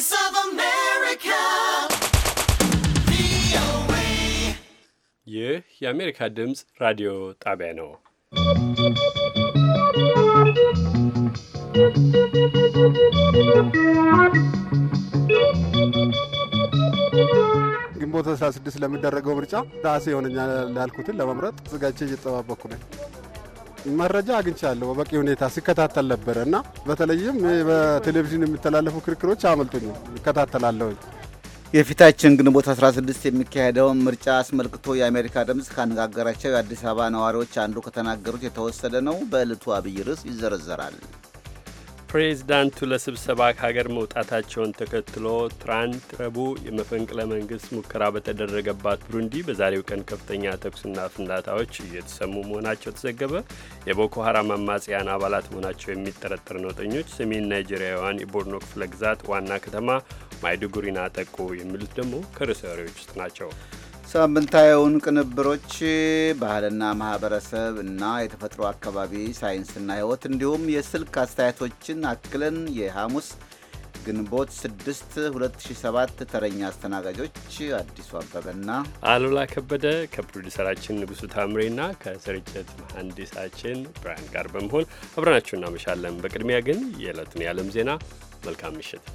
Voice of America. ይህ የአሜሪካ ድምፅ ራዲዮ ጣቢያ ነው። ግንቦት 16 ለሚደረገው ምርጫ ራሴ የሆነኛ ላልኩትን ለመምረጥ ዝግጅት እየተጠባበኩ ነኝ። መረጃ አግኝቻለሁ በበቂ ሁኔታ ሲከታተል ነበረ እና በተለይም በቴሌቪዥን የሚተላለፉ ክርክሮች አመልጡኝ ይከታተላለሁ። የፊታችን ግንቦት 16 የሚካሄደውን ምርጫ አስመልክቶ የአሜሪካ ድምፅ ካነጋገራቸው የአዲስ አበባ ነዋሪዎች አንዱ ከተናገሩት የተወሰደ ነው። በዕለቱ አብይ ርዕስ ይዘረዘራል። ፕሬዚዳንቱ ለስብሰባ ከሀገር መውጣታቸውን ተከትሎ ትራንትረቡ ረቡዕ የመፈንቅለ መንግስት ሙከራ በተደረገባት ብሩንዲ በዛሬው ቀን ከፍተኛ ተኩስና ፍንዳታዎች እየተሰሙ መሆናቸው ተዘገበ። የቦኮ ሀራም አማጽያን አባላት መሆናቸው የሚጠረጠር ነውጠኞች ሰሜን ናይጄሪያውያን የቦርኖ ክፍለ ግዛት ዋና ከተማ ማይዱጉሪን አጠቁ። የሚሉት ደግሞ ከርዕሰ ወሬዎች ውስጥ ናቸው። ሳምንታዊውን ቅንብሮች ባህልና ማህበረሰብ እና የተፈጥሮ አካባቢ ሳይንስና ህይወት እንዲሁም የስልክ አስተያየቶችን አክለን የሐሙስ ግንቦት 6 2007 ተረኛ አስተናጋጆች አዲሱ አበበና አሉላ ከበደ ከፕሮዲሰራችን ንጉሱ ታምሬና ከስርጭት መሐንዲሳችን ብርሃን ጋር በመሆን አብረናችሁ እናመሻለን። በቅድሚያ ግን የዕለቱን የዓለም ዜና። መልካም ምሽት።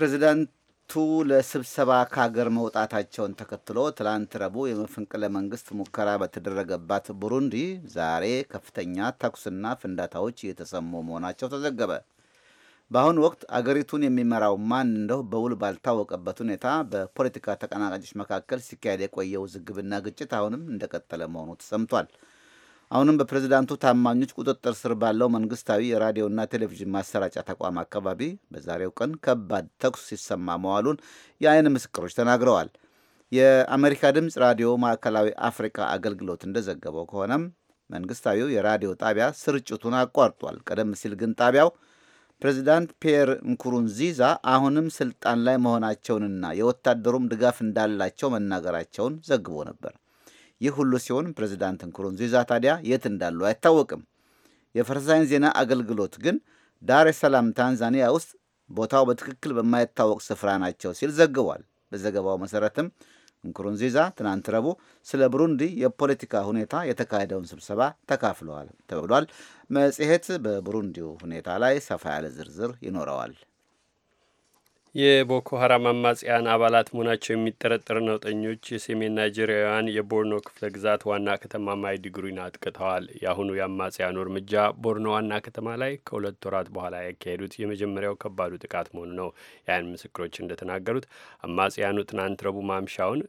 ፕሬዚዳንቱ ለስብሰባ ከሀገር መውጣታቸውን ተከትሎ ትላንት ረቡዕ የመፈንቅለ መንግስት ሙከራ በተደረገባት ቡሩንዲ ዛሬ ከፍተኛ ተኩስና ፍንዳታዎች እየተሰሙ መሆናቸው ተዘገበ። በአሁኑ ወቅት አገሪቱን የሚመራው ማን እንደው በውል ባልታወቀበት ሁኔታ በፖለቲካ ተቀናቃኞች መካከል ሲካሄድ የቆየው ውዝግብና ግጭት አሁንም እንደቀጠለ መሆኑ ተሰምቷል። አሁንም በፕሬዝዳንቱ ታማኞች ቁጥጥር ስር ባለው መንግስታዊ የራዲዮና ቴሌቪዥን ማሰራጫ ተቋም አካባቢ በዛሬው ቀን ከባድ ተኩስ ሲሰማ መዋሉን የአይን ምስክሮች ተናግረዋል። የአሜሪካ ድምፅ ራዲዮ ማዕከላዊ አፍሪካ አገልግሎት እንደዘገበው ከሆነም መንግስታዊው የራዲዮ ጣቢያ ስርጭቱን አቋርጧል። ቀደም ሲል ግን ጣቢያው ፕሬዚዳንት ፒየር ንኩሩንዚዛ አሁንም ስልጣን ላይ መሆናቸውንና የወታደሩም ድጋፍ እንዳላቸው መናገራቸውን ዘግቦ ነበር። ይህ ሁሉ ሲሆን ፕሬዚዳንት ንኩሩንዚዛ ታዲያ የት እንዳሉ አይታወቅም። የፈረንሳይን ዜና አገልግሎት ግን ዳር ሰላም ታንዛኒያ ውስጥ ቦታው በትክክል በማይታወቅ ስፍራ ናቸው ሲል ዘግቧል። በዘገባው መሰረትም ንኩሩንዚዛ ትናንት ረቡዕ ስለ ብሩንዲ የፖለቲካ ሁኔታ የተካሄደውን ስብሰባ ተካፍለዋል ተብሏል። መጽሔት በብሩንዲው ሁኔታ ላይ ሰፋ ያለ ዝርዝር ይኖረዋል። የቦኮ ሀራም አማጽያን አባላት መሆናቸው የሚጠረጠር ነውጠኞች የሰሜን ናይጄሪያውያን የቦርኖ ክፍለ ግዛት ዋና ከተማ ማይዲግሪን አጥቅተዋል። የአሁኑ የአማጽያኑ እርምጃ ቦርኖ ዋና ከተማ ላይ ከሁለት ወራት በኋላ ያካሄዱት የመጀመሪያው ከባዱ ጥቃት መሆኑ ነው። የአይን ምስክሮች እንደተናገሩት አማጽያኑ ትናንት ረቡዕ ማምሻውን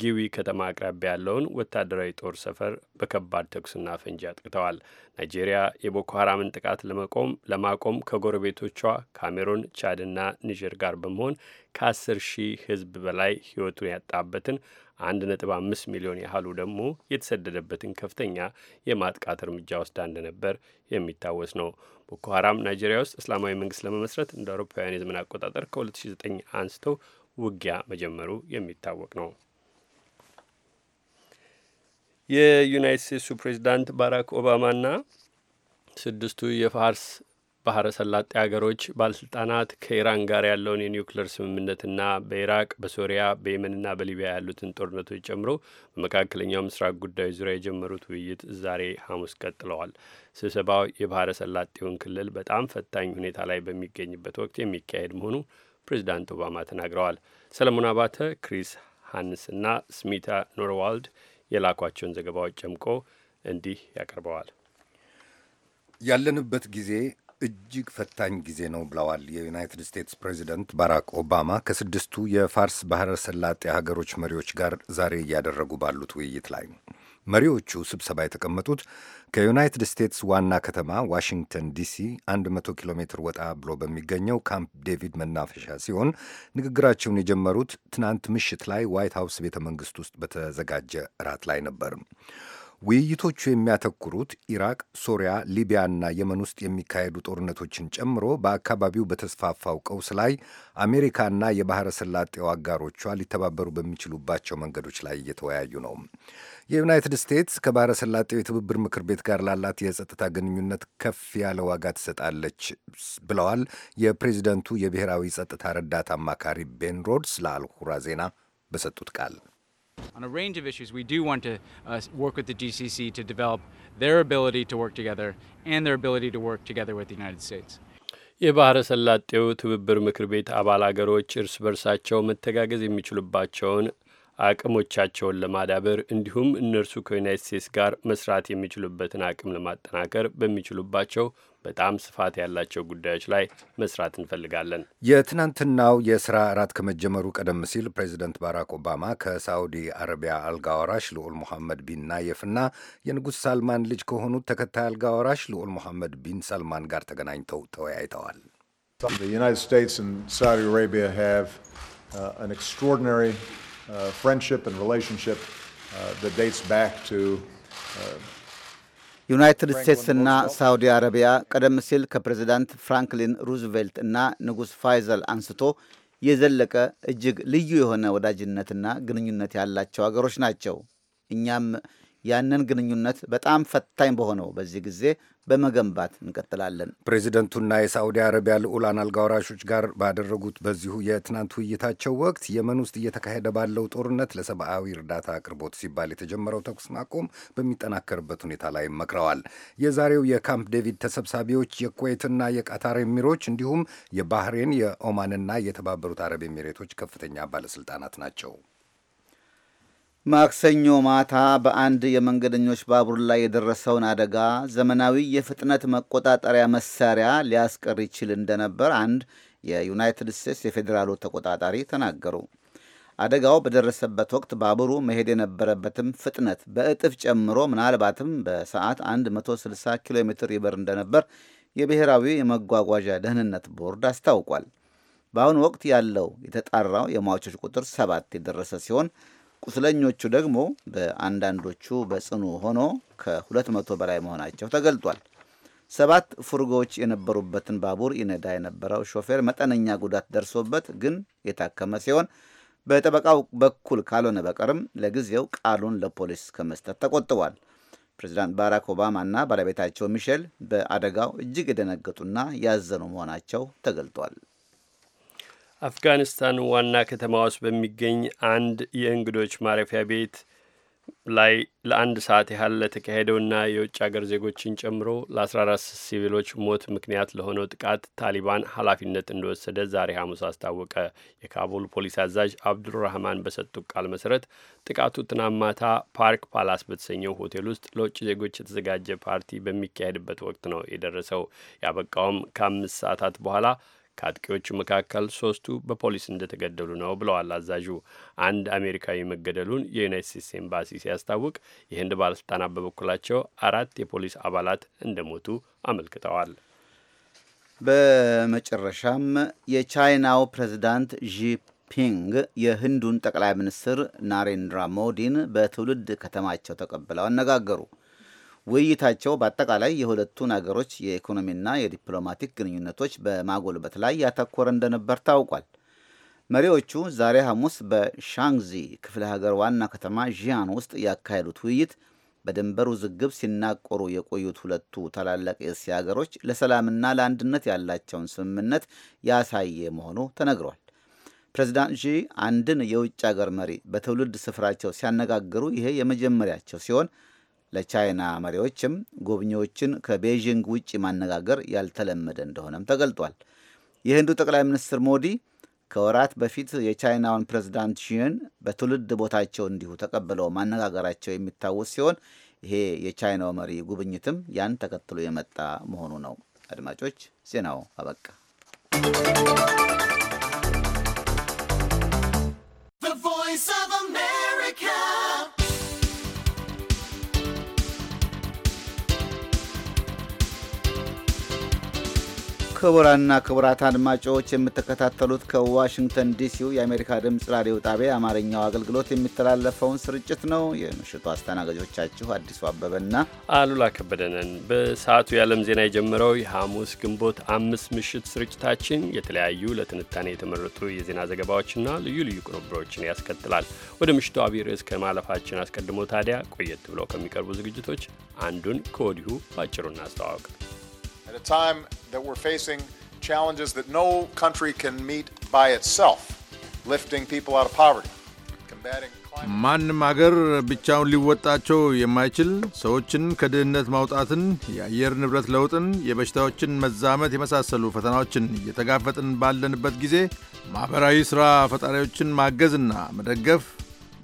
ጊዊ ከተማ አቅራቢያ ያለውን ወታደራዊ ጦር ሰፈር በከባድ ተኩስና ፈንጂ አጥቅተዋል። ናይጄሪያ የቦኮ ሀራምን ጥቃት ለመቆም ለማቆም ከጎረቤቶቿ ካሜሩን፣ ቻድና ኒጀር ጋር በመሆን ከ10 ሺህ ሕዝብ በላይ ሕይወቱን ያጣበትን 1.5 ሚሊዮን ያህሉ ደግሞ የተሰደደበትን ከፍተኛ የማጥቃት እርምጃ ወስዳ እንደነበር የሚታወስ ነው። ቦኮ ሀራም ናይጄሪያ ውስጥ እስላማዊ መንግስት ለመመስረት እንደ አውሮፓውያን የዘመን አቆጣጠር ከ2009 አንስተው ውጊያ መጀመሩ የሚታወቅ ነው። የዩናይት ስቴትሱ ፕሬዚዳንት ባራክ ኦባማና ስድስቱ የፋርስ ባህረ ሰላጤ ሀገሮች ባለስልጣናት ከኢራን ጋር ያለውን የኒውክሌር ስምምነትና በኢራቅ፣ በሶሪያ፣ በየመንና በሊቢያ ያሉትን ጦርነቶች ጨምሮ በመካከለኛው ምስራቅ ጉዳዮች ዙሪያ የጀመሩት ውይይት ዛሬ ሐሙስ ቀጥለዋል። ስብሰባው የባህረ ሰላጤውን ክልል በጣም ፈታኝ ሁኔታ ላይ በሚገኝበት ወቅት የሚካሄድ መሆኑ ፕሬዚዳንት ኦባማ ተናግረዋል። ሰለሞን አባተ፣ ክሪስ ሀንስ እና ስሚታ ኖርዋልድ የላኳቸውን ዘገባዎች ጨምቆ እንዲህ ያቀርበዋል። ያለንበት ጊዜ እጅግ ፈታኝ ጊዜ ነው ብለዋል የዩናይትድ ስቴትስ ፕሬዚደንት ባራክ ኦባማ ከስድስቱ የፋርስ ባህረ ሰላጤ ሀገሮች መሪዎች ጋር ዛሬ እያደረጉ ባሉት ውይይት ላይ መሪዎቹ ስብሰባ የተቀመጡት ከዩናይትድ ስቴትስ ዋና ከተማ ዋሽንግተን ዲሲ 100 ኪሎ ሜትር ወጣ ብሎ በሚገኘው ካምፕ ዴቪድ መናፈሻ ሲሆን ንግግራቸውን የጀመሩት ትናንት ምሽት ላይ ዋይት ሀውስ ቤተ መንግስት ውስጥ በተዘጋጀ እራት ላይ ነበር። ውይይቶቹ የሚያተኩሩት ኢራቅ፣ ሶሪያ፣ ሊቢያና የመን ውስጥ የሚካሄዱ ጦርነቶችን ጨምሮ በአካባቢው በተስፋፋው ቀውስ ላይ አሜሪካና የባህረ ሰላጤው አጋሮቿ ሊተባበሩ በሚችሉባቸው መንገዶች ላይ እየተወያዩ ነው። የዩናይትድ ስቴትስ ከባህረ ሰላጤው የትብብር ምክር ቤት ጋር ላላት የጸጥታ ግንኙነት ከፍ ያለ ዋጋ ትሰጣለች ብለዋል የፕሬዚደንቱ የብሔራዊ ጸጥታ ረዳት አማካሪ ቤን ሮድስ ለአልሁራ ዜና በሰጡት ቃል On a range of issues, we do want to uh, work with the GCC to develop their ability to work together and their ability to work together with the United States. የባህረ ሰላጤው ትብብር ምክር ቤት አባል አገሮች እርስ በርሳቸው መተጋገዝ የሚችሉባቸውን አቅሞቻቸውን ለማዳበር እንዲሁም እነርሱ ከዩናይት ስቴትስ ጋር መስራት የሚችሉበትን አቅም ለማጠናከር በሚችሉባቸው በጣም ስፋት ያላቸው ጉዳዮች ላይ መስራት እንፈልጋለን። የትናንትናው የስራ እራት ከመጀመሩ ቀደም ሲል ፕሬዚደንት ባራክ ኦባማ ከሳዑዲ አረቢያ አልጋ ወራሽ ልዑል ሙሐመድ ቢን ናየፍና የንጉሥ ሳልማን ልጅ ከሆኑት ተከታይ አልጋ ወራሽ ልዑል ሙሐመድ ቢን ሳልማን ጋር ተገናኝተው ተወያይተዋል። ዩናይትድ ስቴትስ Uh, friendship and relationship uh, that dates back to ዩናይትድ ስቴትስና ሳውዲ አረቢያ ቀደም ሲል ከፕሬዚዳንት ፍራንክሊን ሩዝቬልት እና ንጉሥ ፋይዘል አንስቶ የዘለቀ እጅግ ልዩ የሆነ ወዳጅነትና ግንኙነት ያላቸው አገሮች ናቸው። እኛም ያንን ግንኙነት በጣም ፈታኝ በሆነው በዚህ ጊዜ በመገንባት እንቀጥላለን። ፕሬዚደንቱና የሳዑዲ አረቢያ ልዑላን አልጋወራሾች ጋር ባደረጉት በዚሁ የትናንት ውይይታቸው ወቅት የመን ውስጥ እየተካሄደ ባለው ጦርነት ለሰብአዊ እርዳታ አቅርቦት ሲባል የተጀመረው ተኩስ ማቆም በሚጠናከርበት ሁኔታ ላይ መክረዋል። የዛሬው የካምፕ ዴቪድ ተሰብሳቢዎች የኩዌትና የቃታር ኤሚሮች እንዲሁም የባህሬን የኦማንና የተባበሩት አረብ ኤሚሬቶች ከፍተኛ ባለስልጣናት ናቸው። ማክሰኞ ማታ በአንድ የመንገደኞች ባቡር ላይ የደረሰውን አደጋ ዘመናዊ የፍጥነት መቆጣጠሪያ መሳሪያ ሊያስቀር ይችል እንደነበር አንድ የዩናይትድ ስቴትስ የፌዴራሉ ተቆጣጣሪ ተናገሩ። አደጋው በደረሰበት ወቅት ባቡሩ መሄድ የነበረበትም ፍጥነት በእጥፍ ጨምሮ ምናልባትም በሰዓት 160 ኪሎ ሜትር ይበር እንደነበር የብሔራዊ የመጓጓዣ ደህንነት ቦርድ አስታውቋል። በአሁኑ ወቅት ያለው የተጣራው የሟቾች ቁጥር ሰባት የደረሰ ሲሆን ቁስለኞቹ ደግሞ በአንዳንዶቹ በጽኑ ሆኖ ከ200 በላይ መሆናቸው ተገልጧል። ሰባት ፉርጎዎች የነበሩበትን ባቡር ይነዳ የነበረው ሾፌር መጠነኛ ጉዳት ደርሶበት ግን የታከመ ሲሆን በጠበቃው በኩል ካልሆነ በቀርም ለጊዜው ቃሉን ለፖሊስ ከመስጠት ተቆጥቧል። ፕሬዚዳንት ባራክ እና ባለቤታቸው ሚሼል በአደጋው እጅግ የደነገጡና ያዘኑ መሆናቸው ተገልጧል። አፍጋኒስታን ዋና ከተማ ውስጥ በሚገኝ አንድ የእንግዶች ማረፊያ ቤት ላይ ለአንድ ሰዓት ያህል ለተካሄደውና የውጭ አገር ዜጎችን ጨምሮ ለ14 ሲቪሎች ሞት ምክንያት ለሆነው ጥቃት ታሊባን ኃላፊነት እንደወሰደ ዛሬ ሐሙስ አስታወቀ። የካቡል ፖሊስ አዛዥ አብዱራህማን በሰጡት ቃል መሰረት ጥቃቱ ትናንት ማታ ፓርክ ፓላስ በተሰኘው ሆቴል ውስጥ ለውጭ ዜጎች የተዘጋጀ ፓርቲ በሚካሄድበት ወቅት ነው የደረሰው። ያበቃውም ከአምስት ሰዓታት በኋላ ከአጥቂዎቹ መካከል ሶስቱ በፖሊስ እንደተገደሉ ነው ብለዋል አዛዡ። አንድ አሜሪካዊ መገደሉን የዩናይት ስቴትስ ኤምባሲ ሲያስታውቅ፣ የህንድ ባለስልጣናት በበኩላቸው አራት የፖሊስ አባላት እንደሞቱ አመልክተዋል። በመጨረሻም የቻይናው ፕሬዚዳንት ጂፒንግ የህንዱን ጠቅላይ ሚኒስትር ናሬንድራ ሞዲን በትውልድ ከተማቸው ተቀብለው አነጋገሩ። ውይይታቸው በአጠቃላይ የሁለቱን አገሮች የኢኮኖሚና የዲፕሎማቲክ ግንኙነቶች በማጎልበት ላይ ያተኮረ እንደነበር ታውቋል። መሪዎቹ ዛሬ ሐሙስ በሻንግዚ ክፍለ ሀገር ዋና ከተማ ዢያን ውስጥ ያካሄዱት ውይይት በድንበር ውዝግብ ሲናቆሩ የቆዩት ሁለቱ ታላላቅ የእስያ ሀገሮች ለሰላምና ለአንድነት ያላቸውን ስምምነት ያሳየ መሆኑ ተነግሯል። ፕሬዚዳንት ዢ አንድን የውጭ ሀገር መሪ በትውልድ ስፍራቸው ሲያነጋግሩ ይሄ የመጀመሪያቸው ሲሆን ለቻይና መሪዎችም ጎብኚዎችን ከቤዥንግ ውጭ ማነጋገር ያልተለመደ እንደሆነም ተገልጧል። የህንዱ ጠቅላይ ሚኒስትር ሞዲ ከወራት በፊት የቻይናውን ፕሬዚዳንት ሺን በትውልድ ቦታቸው እንዲሁ ተቀብለው ማነጋገራቸው የሚታወስ ሲሆን ይሄ የቻይናው መሪ ጉብኝትም ያን ተከትሎ የመጣ መሆኑ ነው። አድማጮች ዜናው አበቃ። ክቡራና ክቡራት አድማጮች የምትከታተሉት ከዋሽንግተን ዲሲው የአሜሪካ ድምፅ ራዲዮ ጣቢያ የአማርኛው አገልግሎት የሚተላለፈውን ስርጭት ነው። የምሽቱ አስተናጋጆቻችሁ አዲሱ አበበና አሉላ ከበደነን። በሰዓቱ የዓለም ዜና የጀመረው የሐሙስ ግንቦት አምስት ምሽት ስርጭታችን የተለያዩ ለትንታኔ የተመረጡ የዜና ዘገባዎችና ልዩ ልዩ ቅንብሮችን ያስከትላል። ወደ ምሽቱ አብይ ርዕስ ከማለፋችን አስቀድሞ ታዲያ ቆየት ብለው ከሚቀርቡ ዝግጅቶች አንዱን ከወዲሁ ባጭሩ እናስተዋወቅ። at a time that we're facing challenges that no country can meet by itself lifting people out of poverty, combating ማንም አገር ብቻውን ሊወጣቸው የማይችል ሰዎችን ከድህነት ማውጣትን፣ የአየር ንብረት ለውጥን፣ የበሽታዎችን መዛመት የመሳሰሉ ፈተናዎችን እየተጋፈጥን ባለንበት ጊዜ ማኅበራዊ ሥራ ፈጣሪዎችን ማገዝና መደገፍ፣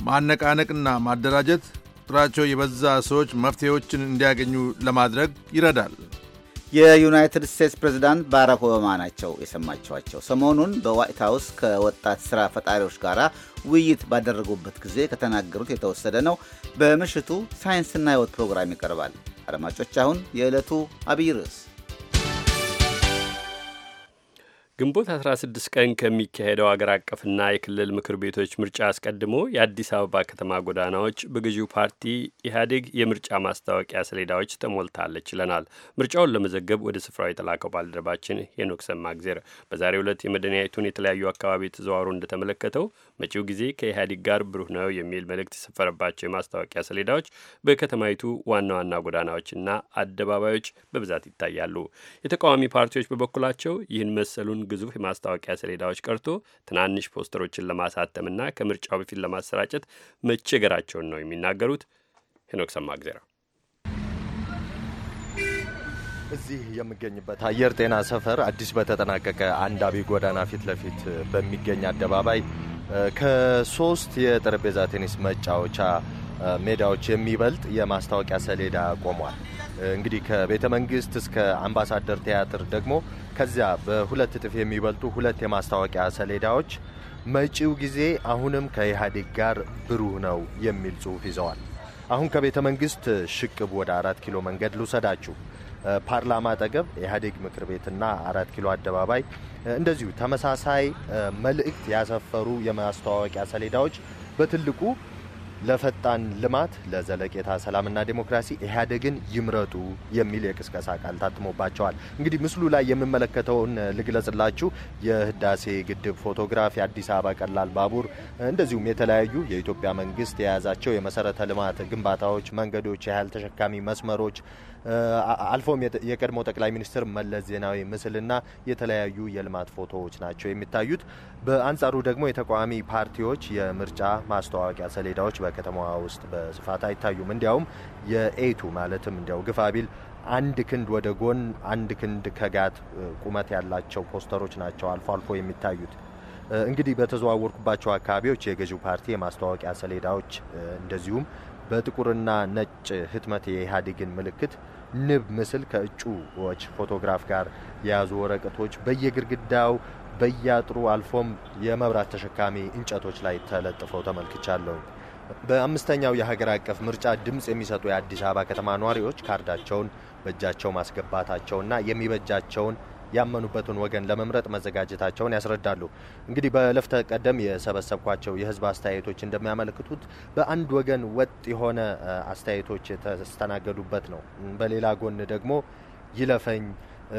ማነቃነቅና ማደራጀት ቁጥራቸው የበዛ ሰዎች መፍትሔዎችን እንዲያገኙ ለማድረግ ይረዳል። የዩናይትድ ስቴትስ ፕሬዚዳንት ባራክ ኦባማ ናቸው የሰማችኋቸው። ሰሞኑን በዋይት ሀውስ ከወጣት ስራ ፈጣሪዎች ጋር ውይይት ባደረጉበት ጊዜ ከተናገሩት የተወሰደ ነው። በምሽቱ ሳይንስና ህይወት ፕሮግራም ይቀርባል። አድማጮች፣ አሁን የዕለቱ አብይ ርዕስ ግንቦት 16 ቀን ከሚካሄደው አገር አቀፍና የክልል ምክር ቤቶች ምርጫ አስቀድሞ የአዲስ አበባ ከተማ ጎዳናዎች በገዢው ፓርቲ ኢህአዴግ የምርጫ ማስታወቂያ ሰሌዳዎች ተሞልታለች ይለናል። ምርጫውን ለመዘገብ ወደ ስፍራው የተላከው ባልደረባችን ሄኖክ ሰማግዜር በዛሬ ዕለት የመዲናይቱን የተለያዩ አካባቢ ተዘዋውሮ እንደተመለከተው መጪው ጊዜ ከኢህአዴግ ጋር ብሩህ ነው የሚል መልእክት የሰፈረባቸው የማስታወቂያ ሰሌዳዎች በከተማይቱ ዋና ዋና ጎዳናዎችና አደባባዮች በብዛት ይታያሉ። የተቃዋሚ ፓርቲዎች በበኩላቸው ይህን መሰሉን ግዙፍ የማስታወቂያ ሰሌዳዎች ቀርቶ ትናንሽ ፖስተሮችን ለማሳተምና ከምርጫው በፊት ለማሰራጨት መቸገራቸውን ነው የሚናገሩት። ሄኖክ ሰማግዜራ እዚህ የምገኝበት አየር ጤና ሰፈር አዲስ በተጠናቀቀ አንድ ጎዳና ፊት ለፊት በሚገኝ አደባባይ ከሶስት የጠረጴዛ ቴኒስ መጫወቻ ሜዳዎች የሚበልጥ የማስታወቂያ ሰሌዳ ቆሟል። እንግዲህ ከቤተ መንግስት እስከ አምባሳደር ቲያትር ደግሞ ከዚያ በሁለት እጥፍ የሚበልጡ ሁለት የማስታወቂያ ሰሌዳዎች መጪው ጊዜ አሁንም ከኢህአዴግ ጋር ብሩህ ነው የሚል ጽሑፍ ይዘዋል። አሁን ከቤተ መንግስት ሽቅብ ወደ አራት ኪሎ መንገድ ልውሰዳችሁ። ፓርላማ አጠገብ ኢህአዴግ ምክር ቤትና አራት ኪሎ አደባባይ እንደዚሁ ተመሳሳይ መልእክት ያሰፈሩ የማስታወቂያ ሰሌዳዎች በትልቁ ለፈጣን ልማት ለዘለቄታ ሰላምና ዴሞክራሲ ኢህአዴግን ይምረጡ የሚል የቅስቀሳ ቃል ታትሞባቸዋል። እንግዲህ ምስሉ ላይ የምመለከተውን ልግለጽላችሁ። የህዳሴ ግድብ ፎቶግራፍ፣ የአዲስ አበባ ቀላል ባቡር፣ እንደዚሁም የተለያዩ የኢትዮጵያ መንግስት የያዛቸው የመሰረተ ልማት ግንባታዎች፣ መንገዶች፣ የኃይል ተሸካሚ መስመሮች አልፎም የቀድሞ ጠቅላይ ሚኒስትር መለስ ዜናዊ ምስልና የተለያዩ የልማት ፎቶዎች ናቸው የሚታዩት። በአንጻሩ ደግሞ የተቃዋሚ ፓርቲዎች የምርጫ ማስተዋወቂያ ሰሌዳዎች በከተማዋ ውስጥ በስፋት አይታዩም። እንዲያውም የኤቱ ማለትም እንዲያው ግፋቢል አንድ ክንድ ወደ ጎን፣ አንድ ክንድ ከጋት ቁመት ያላቸው ፖስተሮች ናቸው አልፎ አልፎ የሚታዩት። እንግዲህ በተዘዋወርኩባቸው አካባቢዎች የገዢው ፓርቲ የማስተዋወቂያ ሰሌዳዎች እንደዚሁም በጥቁርና ነጭ ህትመት የኢህአዴግን ምልክት ንብ ምስል ከእጩዎች ፎቶግራፍ ጋር የያዙ ወረቀቶች በየግድግዳው በያጥሩ አልፎም የመብራት ተሸካሚ እንጨቶች ላይ ተለጥፈው ተመልክቻለሁ። በአምስተኛው የሀገር አቀፍ ምርጫ ድምፅ የሚሰጡ የአዲስ አበባ ከተማ ነዋሪዎች ካርዳቸውን በእጃቸው ማስገባታቸውና የሚበጃቸውን ያመኑበትን ወገን ለመምረጥ መዘጋጀታቸውን ያስረዳሉ። እንግዲህ በለፍተ ቀደም የሰበሰብኳቸው የህዝብ አስተያየቶች እንደሚያመለክቱት በአንድ ወገን ወጥ የሆነ አስተያየቶች የተስተናገዱበት ነው። በሌላ ጎን ደግሞ ይለፈኝ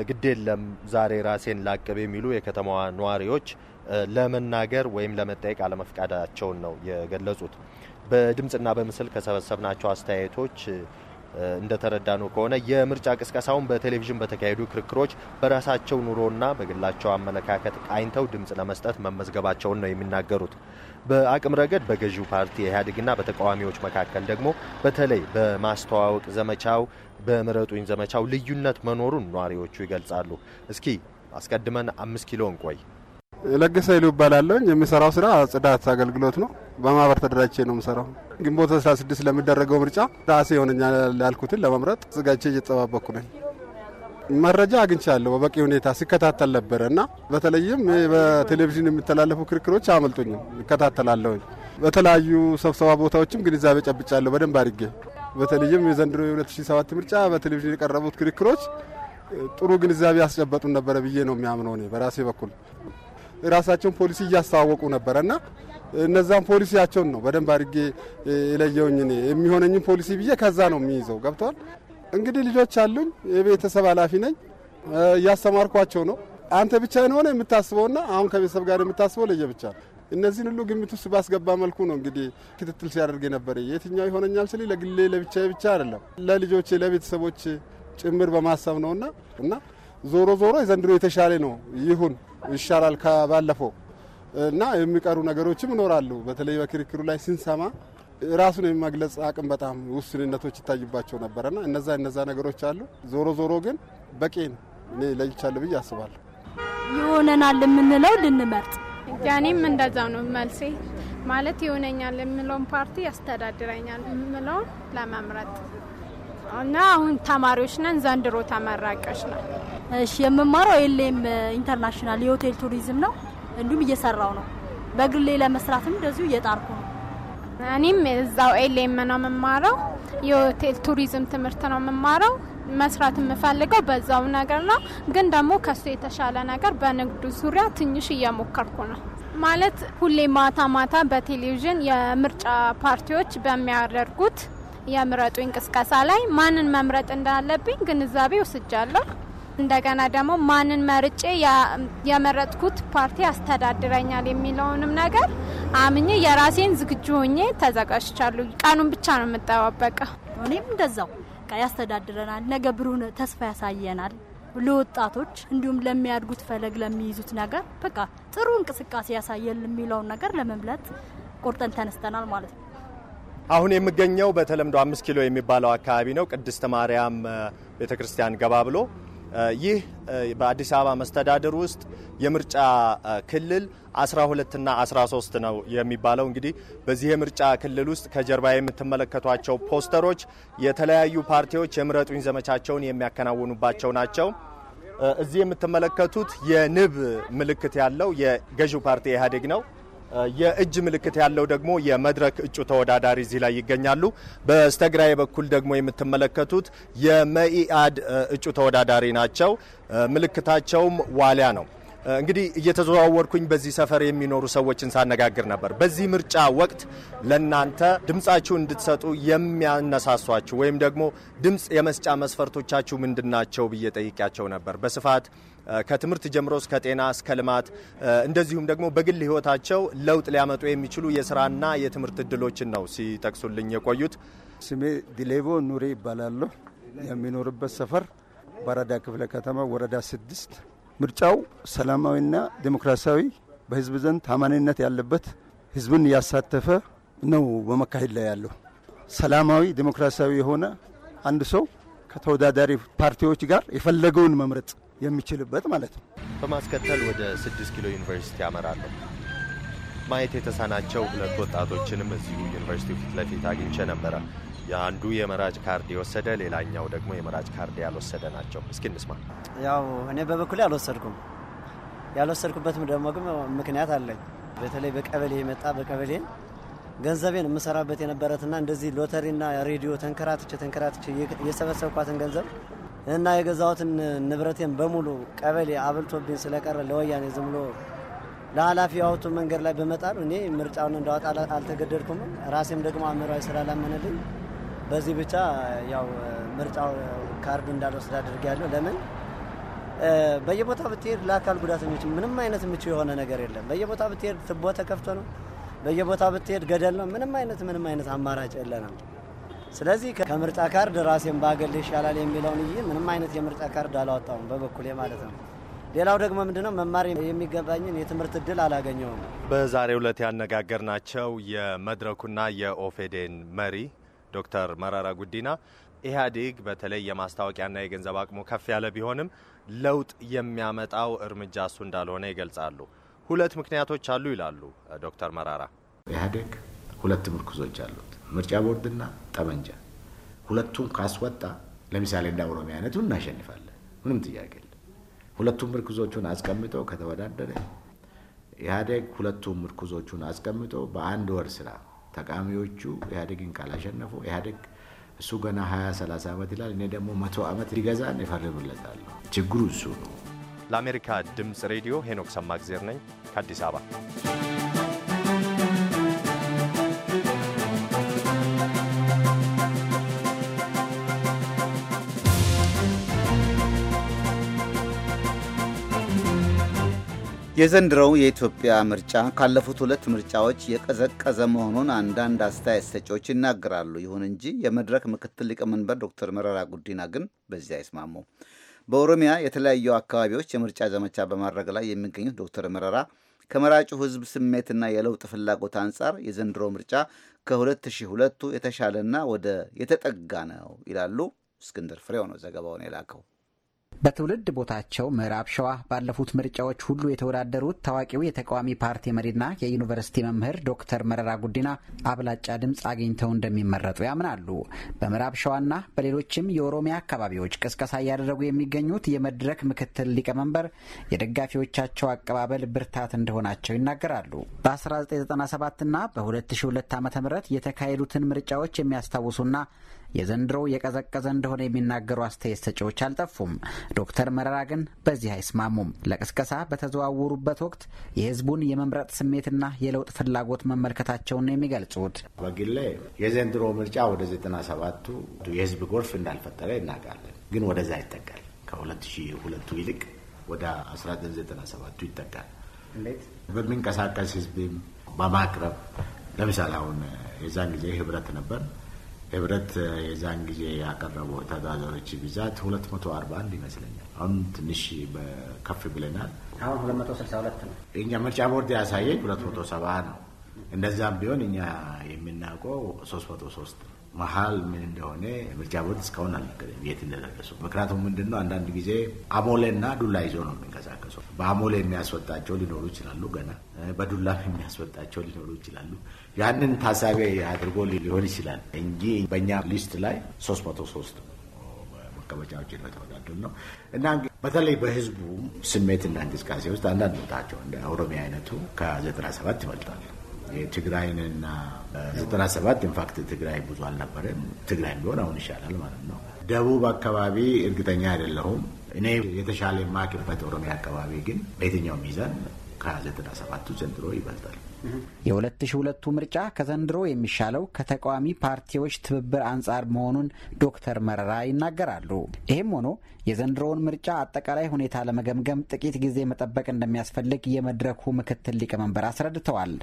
ግዴለም ዛሬ ራሴን ላቅብ የሚሉ የከተማዋ ነዋሪዎች ለመናገር ወይም ለመጠየቅ አለመፍቃዳቸውን ነው የገለጹት። በድምፅና በምስል ከሰበሰብናቸው አስተያየቶች እንደተረዳ ነው ከሆነ የምርጫ ቅስቀሳውን በቴሌቪዥን በተካሄዱ ክርክሮች በራሳቸው ኑሮና በግላቸው አመለካከት ቃኝተው ድምፅ ለመስጠት መመዝገባቸውን ነው የሚናገሩት። በአቅም ረገድ በገዢው ፓርቲ ኢህአዴግና በተቃዋሚዎች መካከል ደግሞ በተለይ በማስተዋወቅ ዘመቻው በምረጡኝ ዘመቻው ልዩነት መኖሩን ነዋሪዎቹ ይገልጻሉ። እስኪ አስቀድመን አምስት ኪሎ እንቆይ። ለገሰ ይሉ ይባላለሁ። ስራ ጽዳት አገልግሎት ነው። በማህበር ተደራጅቼ ነው የምሰራው። ግንቦት 16 ለሚደረገው ምርጫ ራሴ የሆነኛ ያልኩትን ለመምረጥ ስጋቼ እየተጠባበኩ ነኝ። መረጃ አግኝቻለሁ በበቂ ሁኔታ ሲከታተል ነበረ እና በተለይም በቴሌቪዥን የሚተላለፉ ክርክሮች አመልጡኝም ይከታተላለሁኝ። በተለያዩ ስብሰባ ቦታዎችም ግንዛቤ ጨብጫለሁ በደንብ አድርጌ። በተለይም የዘንድሮ የ2007 ምርጫ በቴሌቪዥን የቀረቡት ክርክሮች ጥሩ ግንዛቤ ያስጨበጡን ነበረ ብዬ ነው የሚያምነው እኔ በራሴ በኩል። ራሳቸውን ፖሊሲ እያስተዋወቁ ነበረ እና እነዛም ፖሊሲያቸውን ነው በደንብ አድርጌ የለየውኝ እኔ የሚሆነኝም ፖሊሲ ብዬ ከዛ ነው የሚይዘው። ገብተዋል። እንግዲህ ልጆች አሉኝ፣ የቤተሰብ ኃላፊ ነኝ፣ እያስተማርኳቸው ነው። አንተ ብቻህን ሆነ የምታስበውና አሁን ከቤተሰብ ጋር የምታስበው ለየ ብቻ ነው። እነዚህን ሁሉ ግምት ውስጥ ባስገባ መልኩ ነው እንግዲህ ክትትል ሲያደርግ የነበረ። የትኛው ይሆነኛል ስል ለግሌ ለብቻ ብቻ አይደለም ለልጆቼ ለቤተሰቦች ጭምር በማሰብ ነውና እና ዞሮ ዞሮ ዘንድሮ የተሻለ ነው ይሁን ይሻላል ከባለፈው እና የሚቀሩ ነገሮችም ይኖራሉ። በተለይ በክርክሩ ላይ ስንሰማ ራሱን የመግለጽ አቅም በጣም ውስንነቶች ይታይባቸው ነበረና እነዛ እነዛ ነገሮች አሉ። ዞሮ ዞሮ ግን በቂ ነው። እኔ ለይቻለሁ ብዬ አስባለሁ። ይሆነናል የምንለው ልንመርጥ ያኔም እንደዛው ነው መልሴ ማለት ይሆነኛል የምለውን ፓርቲ ያስተዳድረኛል የምለውን ለመምረጥ እና አሁን ተማሪዎች ነን፣ ዘንድሮ ተመራቂዎች ነው። እሺ የምማረው ኤሌም ኢንተርናሽናል የሆቴል ቱሪዝም ነው። እንዲሁም እየሰራው ነው። በግሌ ለመስራትም እንደዚሁ እየጣርኩ ነው። እኔም እዛው ኤሌም ነው የምማረው። የሆቴል ቱሪዝም ትምህርት ነው የምማረው። መስራት የምፈልገው በዛው ነገር ነው፣ ግን ደግሞ ከሱ የተሻለ ነገር በንግዱ ዙሪያ ትንሽ እየሞከርኩ ነው። ማለት ሁሌ ማታ ማታ በቴሌቪዥን የምርጫ ፓርቲዎች በሚያደርጉት የምረጡ እንቅስቃሴ ላይ ማንን መምረጥ እንዳለብኝ ግንዛቤ ወስጃለሁ። እንደገና ደግሞ ማንን መርጬ የመረጥኩት ፓርቲ ያስተዳድረኛል የሚለውንም ነገር አምኜ የራሴን ዝግጁ ሆኜ ተዘጋጅቻለሁ። ቀኑን ብቻ ነው የምጠባበቀው። እኔም እንደዛው ያስተዳድረናል፣ ነገ ብሩህ ተስፋ ያሳየናል ለወጣቶች እንዲሁም ለሚያድጉት ፈለግ ለሚይዙት ነገር በቃ ጥሩ እንቅስቃሴ ያሳያል የሚለውን ነገር ለመምለጥ ቆርጠን ተነስተናል ማለት ነው። አሁን የምገኘው በተለምዶ አምስት ኪሎ የሚባለው አካባቢ ነው። ቅድስት ማርያም ቤተክርስቲያን ገባ ብሎ ይህ በአዲስ አበባ መስተዳደር ውስጥ የምርጫ ክልል 12 እና 13 ነው የሚባለው። እንግዲህ በዚህ የምርጫ ክልል ውስጥ ከጀርባ የምትመለከቷቸው ፖስተሮች የተለያዩ ፓርቲዎች የምረጡኝ ዘመቻቸውን የሚያከናውኑባቸው ናቸው። እዚህ የምትመለከቱት የንብ ምልክት ያለው የገዢው ፓርቲ ኢህአዴግ ነው። የእጅ ምልክት ያለው ደግሞ የመድረክ እጩ ተወዳዳሪ እዚህ ላይ ይገኛሉ። በስተግራይ በኩል ደግሞ የምትመለከቱት የመኢአድ እጩ ተወዳዳሪ ናቸው። ምልክታቸውም ዋሊያ ነው። እንግዲህ እየተዘዋወርኩኝ በዚህ ሰፈር የሚኖሩ ሰዎችን ሳነጋግር ነበር። በዚህ ምርጫ ወቅት ለእናንተ ድምፃችሁ እንድትሰጡ የሚያነሳሷችሁ ወይም ደግሞ ድምፅ የመስጫ መስፈርቶቻችሁ ምንድን ናቸው ብዬ ጠይቂያቸው ነበር በስፋት ከትምህርት ጀምሮ እስከ ጤና እስከ ልማት እንደዚሁም ደግሞ በግል ህይወታቸው ለውጥ ሊያመጡ የሚችሉ የስራና የትምህርት እድሎችን ነው ሲጠቅሱልኝ የቆዩት። ስሜ ዲሌቦ ኑሬ ይባላለሁ። የሚኖርበት ሰፈር በአራዳ ክፍለ ከተማ ወረዳ ስድስት ምርጫው ሰላማዊና ዴሞክራሲያዊ በህዝብ ዘንድ ታማኒነት ያለበት ህዝብን እያሳተፈ ነው በመካሄድ ላይ ያለው። ሰላማዊ ዴሞክራሲያዊ የሆነ አንድ ሰው ከተወዳዳሪ ፓርቲዎች ጋር የፈለገውን መምረጥ የሚችልበት ማለት ነው። በማስከተል ወደ ስድስት ኪሎ ዩኒቨርሲቲ አመራለሁ። ማየት የተሳናቸው ሁለት ወጣቶችንም እዚሁ ዩኒቨርሲቲ ፊት ለፊት አግኝቼ ነበረ። የአንዱ የመራጭ ካርድ የወሰደ ሌላኛው ደግሞ የመራጭ ካርድ ያልወሰደ ናቸው። እስኪ እንስማ። ያው እኔ በበኩሌ አልወሰድኩም። ያልወሰድኩበትም ደግሞ ግን ምክንያት አለኝ። በተለይ በቀበሌ የመጣ በቀበሌ ገንዘቤን የምሰራበት የነበረትና እንደዚህ ሎተሪና ሬዲዮ ተንከራትቼ ተንከራትቼ የሰበሰብኳትን ገንዘብ እና የገዛሁትን ንብረቴን በሙሉ ቀበሌ አብልቶብኝ ስለቀረ ለወያኔ ዝም ብሎ ለኃላፊ መንገድ ላይ በመጣሉ እኔ ምርጫውን እንዳወጣ አልተገደድኩም። ራሴም ደግሞ አእምሯዊ ስላላመነልኝ በዚህ ብቻ ያው ምርጫው ካርዱ እንዳልወስድ ያለው ለምን በየቦታ ብትሄድ ለአካል ጉዳተኞች ምንም አይነት ምቹ የሆነ ነገር የለም። በየቦታ ብትሄድ ትቦ ተከፍቶ ነው። በየቦታ ብትሄድ ገደል ነው። ምንም አይነት ምንም አይነት አማራጭ የለንም። ስለዚህ ከምርጫ ካርድ ራሴን ባገል ይሻላል የሚለውን ይ ምንም አይነት የምርጫ ካርድ አላወጣውም በበኩሌ ማለት ነው። ሌላው ደግሞ ምንድነው መማር የሚገባኝን የትምህርት እድል አላገኘውም። በዛሬው ዕለት ያነጋገርናቸው የመድረኩና የኦፌዴን መሪ ዶክተር መረራ ጉዲና ኢህአዴግ በተለይ የማስታወቂያና የገንዘብ አቅሙ ከፍ ያለ ቢሆንም ለውጥ የሚያመጣው እርምጃ እሱ እንዳልሆነ ይገልጻሉ። ሁለት ምክንያቶች አሉ ይላሉ ዶክተር መራራ። ኢህአዴግ ሁለት ምርኩዞች አሉት። ምርጫ ቦርድና ጠመንጃ ሁለቱም ካስወጣ ለምሳሌ እንደ ኦሮሚያ አይነቱን እናሸንፋለን። ምንም ጥያቄ የለም። ሁለቱም ምርኩዞቹን አስቀምጦ ከተወዳደረ ኢህአዴግ ሁለቱም ምርኩዞቹን አስቀምጦ በአንድ ወር ስራ ተቃሚዎቹ ኢህአዴግን ካላሸነፉ ኢህአዴግ እሱ ገና 20 30 ዓመት ይላል፣ እኔ ደግሞ መቶ ዓመት ሊገዛን እፈርምለታለሁ። ችግሩ እሱ ነው። ለአሜሪካ ድምፅ ሬዲዮ ሄኖክ ሰማግዜር ነኝ ከአዲስ አበባ የዘንድሮው የኢትዮጵያ ምርጫ ካለፉት ሁለት ምርጫዎች የቀዘቀዘ መሆኑን አንዳንድ አስተያየት ሰጪዎች ይናገራሉ። ይሁን እንጂ የመድረክ ምክትል ሊቀመንበር ዶክተር መረራ ጉዲና ግን በዚህ አይስማሙ። በኦሮሚያ የተለያዩ አካባቢዎች የምርጫ ዘመቻ በማድረግ ላይ የሚገኙት ዶክተር መረራ ከመራጩ ሕዝብ ስሜትና የለውጥ ፍላጎት አንጻር የዘንድሮ ምርጫ ከ2002ቱ የተሻለና ወደ የተጠጋ ነው ይላሉ። እስክንድር ፍሬው ነው ዘገባውን የላከው። በትውልድ ቦታቸው ምዕራብ ሸዋ ባለፉት ምርጫዎች ሁሉ የተወዳደሩት ታዋቂው የተቃዋሚ ፓርቲ መሪና የዩኒቨርሲቲ መምህር ዶክተር መረራ ጉዲና አብላጫ ድምፅ አግኝተው እንደሚመረጡ ያምናሉ። በምዕራብ ሸዋና በሌሎችም የኦሮሚያ አካባቢዎች ቅስቀሳ እያደረጉ የሚገኙት የመድረክ ምክትል ሊቀመንበር የደጋፊዎቻቸው አቀባበል ብርታት እንደሆናቸው ይናገራሉ። በ1997ና በ2002 ዓ ም የተካሄዱትን ምርጫዎች የሚያስታውሱና የዘንድሮው የቀዘቀዘ እንደሆነ የሚናገሩ አስተያየት ሰጪዎች አልጠፉም። ዶክተር መረራ ግን በዚህ አይስማሙም። ለቅስቀሳ በተዘዋወሩበት ወቅት የህዝቡን የመምረጥ ስሜትና የለውጥ ፍላጎት መመልከታቸውን ነው የሚገልጹት። በግሌ የዘንድሮ ምርጫ ወደ ዘጠና ሰባቱ የህዝብ ጎርፍ እንዳልፈጠረ ይናጋለን፣ ግን ወደዛ ይጠጋል። 2002 ይልቅ ወደ 1997ቱ ይጠጋል። በሚንቀሳቀስ ህዝብም በማቅረብ ለምሳሌ አሁን የዛን ጊዜ ህብረት ነበር ህብረት የዛን ጊዜ ያቀረበው ተጓዦች ብዛት አንድ ይመስለኛል። አሁን ትንሽ ከፍ ብለናል። አሁን ሁለት ነው። እኛ ምርጫ ቦርድ ያሳየኝ ሰባ ነው። እንደዛም ቢሆን እኛ የምናውቀው 303 ነው። መሀል ምን እንደሆነ ምርጫ ቦርድ እስካሁን አልነገረም የት እንደደረሱ። ምክንያቱም ምንድን ነው አንዳንድ ጊዜ አሞሌና ዱላ ይዞ ነው የሚንቀሳቀሱ። በአሞሌ የሚያስወጣቸው ሊኖሩ ይችላሉ፣ ገና በዱላ የሚያስወጣቸው ሊኖሩ ይችላሉ። ያንን ታሳቢ አድርጎ ሊሆን ይችላል እንጂ በእኛ ሊስት ላይ 303 መቀመጫዎች የተወዳደሩ ነው እና በተለይ በህዝቡ ስሜትና እንቅስቃሴ ውስጥ አንዳንድ ቦታቸው እንደ ኦሮሚያ አይነቱ ከ97 ይበልጣል። የትግራይንና ዘጠና ሰባት ኢንፋክት ትግራይ ብዙ አልነበረም። ትግራይ ቢሆን አሁን ይሻላል ማለት ነው። ደቡብ አካባቢ እርግጠኛ አይደለሁም። እኔ የተሻለ የማቅበት ኦሮሚያ አካባቢ ግን በየትኛው ሚዛን ከዘጠና ሰባቱ ዘንድሮ ይበልጣል። የ2002ቱ ምርጫ ከዘንድሮ የሚሻለው ከተቃዋሚ ፓርቲዎች ትብብር አንጻር መሆኑን ዶክተር መረራ ይናገራሉ። ይህም ሆኖ የዘንድሮውን ምርጫ አጠቃላይ ሁኔታ ለመገምገም ጥቂት ጊዜ መጠበቅ እንደሚያስፈልግ የመድረኩ ምክትል ሊቀመንበር አስረድተዋል።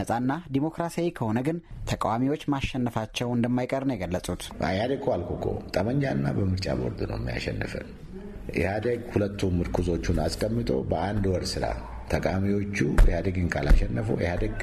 ነጻና ዲሞክራሲያዊ ከሆነ ግን ተቃዋሚዎች ማሸነፋቸው እንደማይቀር ነው የገለጹት። ኢህአዴግ አልኩ እኮ ጠመንጃና በምርጫ ቦርድ ነው የሚያሸንፍን። ኢህአዴግ ሁለቱም ምርኩዞቹን አስቀምጦ በአንድ ወር ስራ ተቃሚዎቹ ኢህአዴግን ካላሸነፉ ኢህአዴግ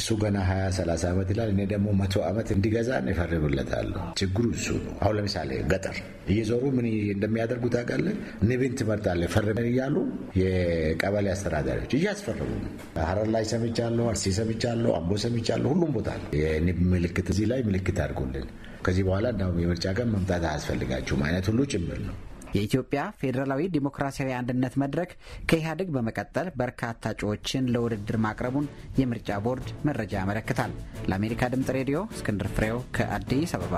እሱ ገና ሀያ ሰላሳ ዓመት ይላል፣ እኔ ደግሞ መቶ ዓመት እንዲገዛን ይፈርምለታሉ ችግሩ እሱ ነው። አሁን ለምሳሌ ገጠር እየዞሩ ምን እንደሚያደርጉ ታውቃለህ? ንብን ትመርጣለህ ፈርም እያሉ የቀበሌ አስተዳዳሪዎች እያስፈረሙ ። ነው። ሀረር ላይ ሰምቻለሁ፣ አርሲ ሰምቻለሁ፣ አምቦ ሰምቻለሁ። ሁሉም ቦታ ነው የንብ ምልክት። እዚህ ላይ ምልክት አድርጎልን ከዚህ በኋላ እንዳውም የምርጫ ቀን መምጣት አያስፈልጋችሁም አይነት ሁሉ ጭምር ነው። የኢትዮጵያ ፌዴራላዊ ዲሞክራሲያዊ አንድነት መድረክ ከኢህአዴግ በመቀጠል በርካታ እጩዎችን ለውድድር ማቅረቡን የምርጫ ቦርድ መረጃ ያመለክታል። ለአሜሪካ ድምፅ ሬዲዮ እስክንድር ፍሬው ከአዲስ አበባ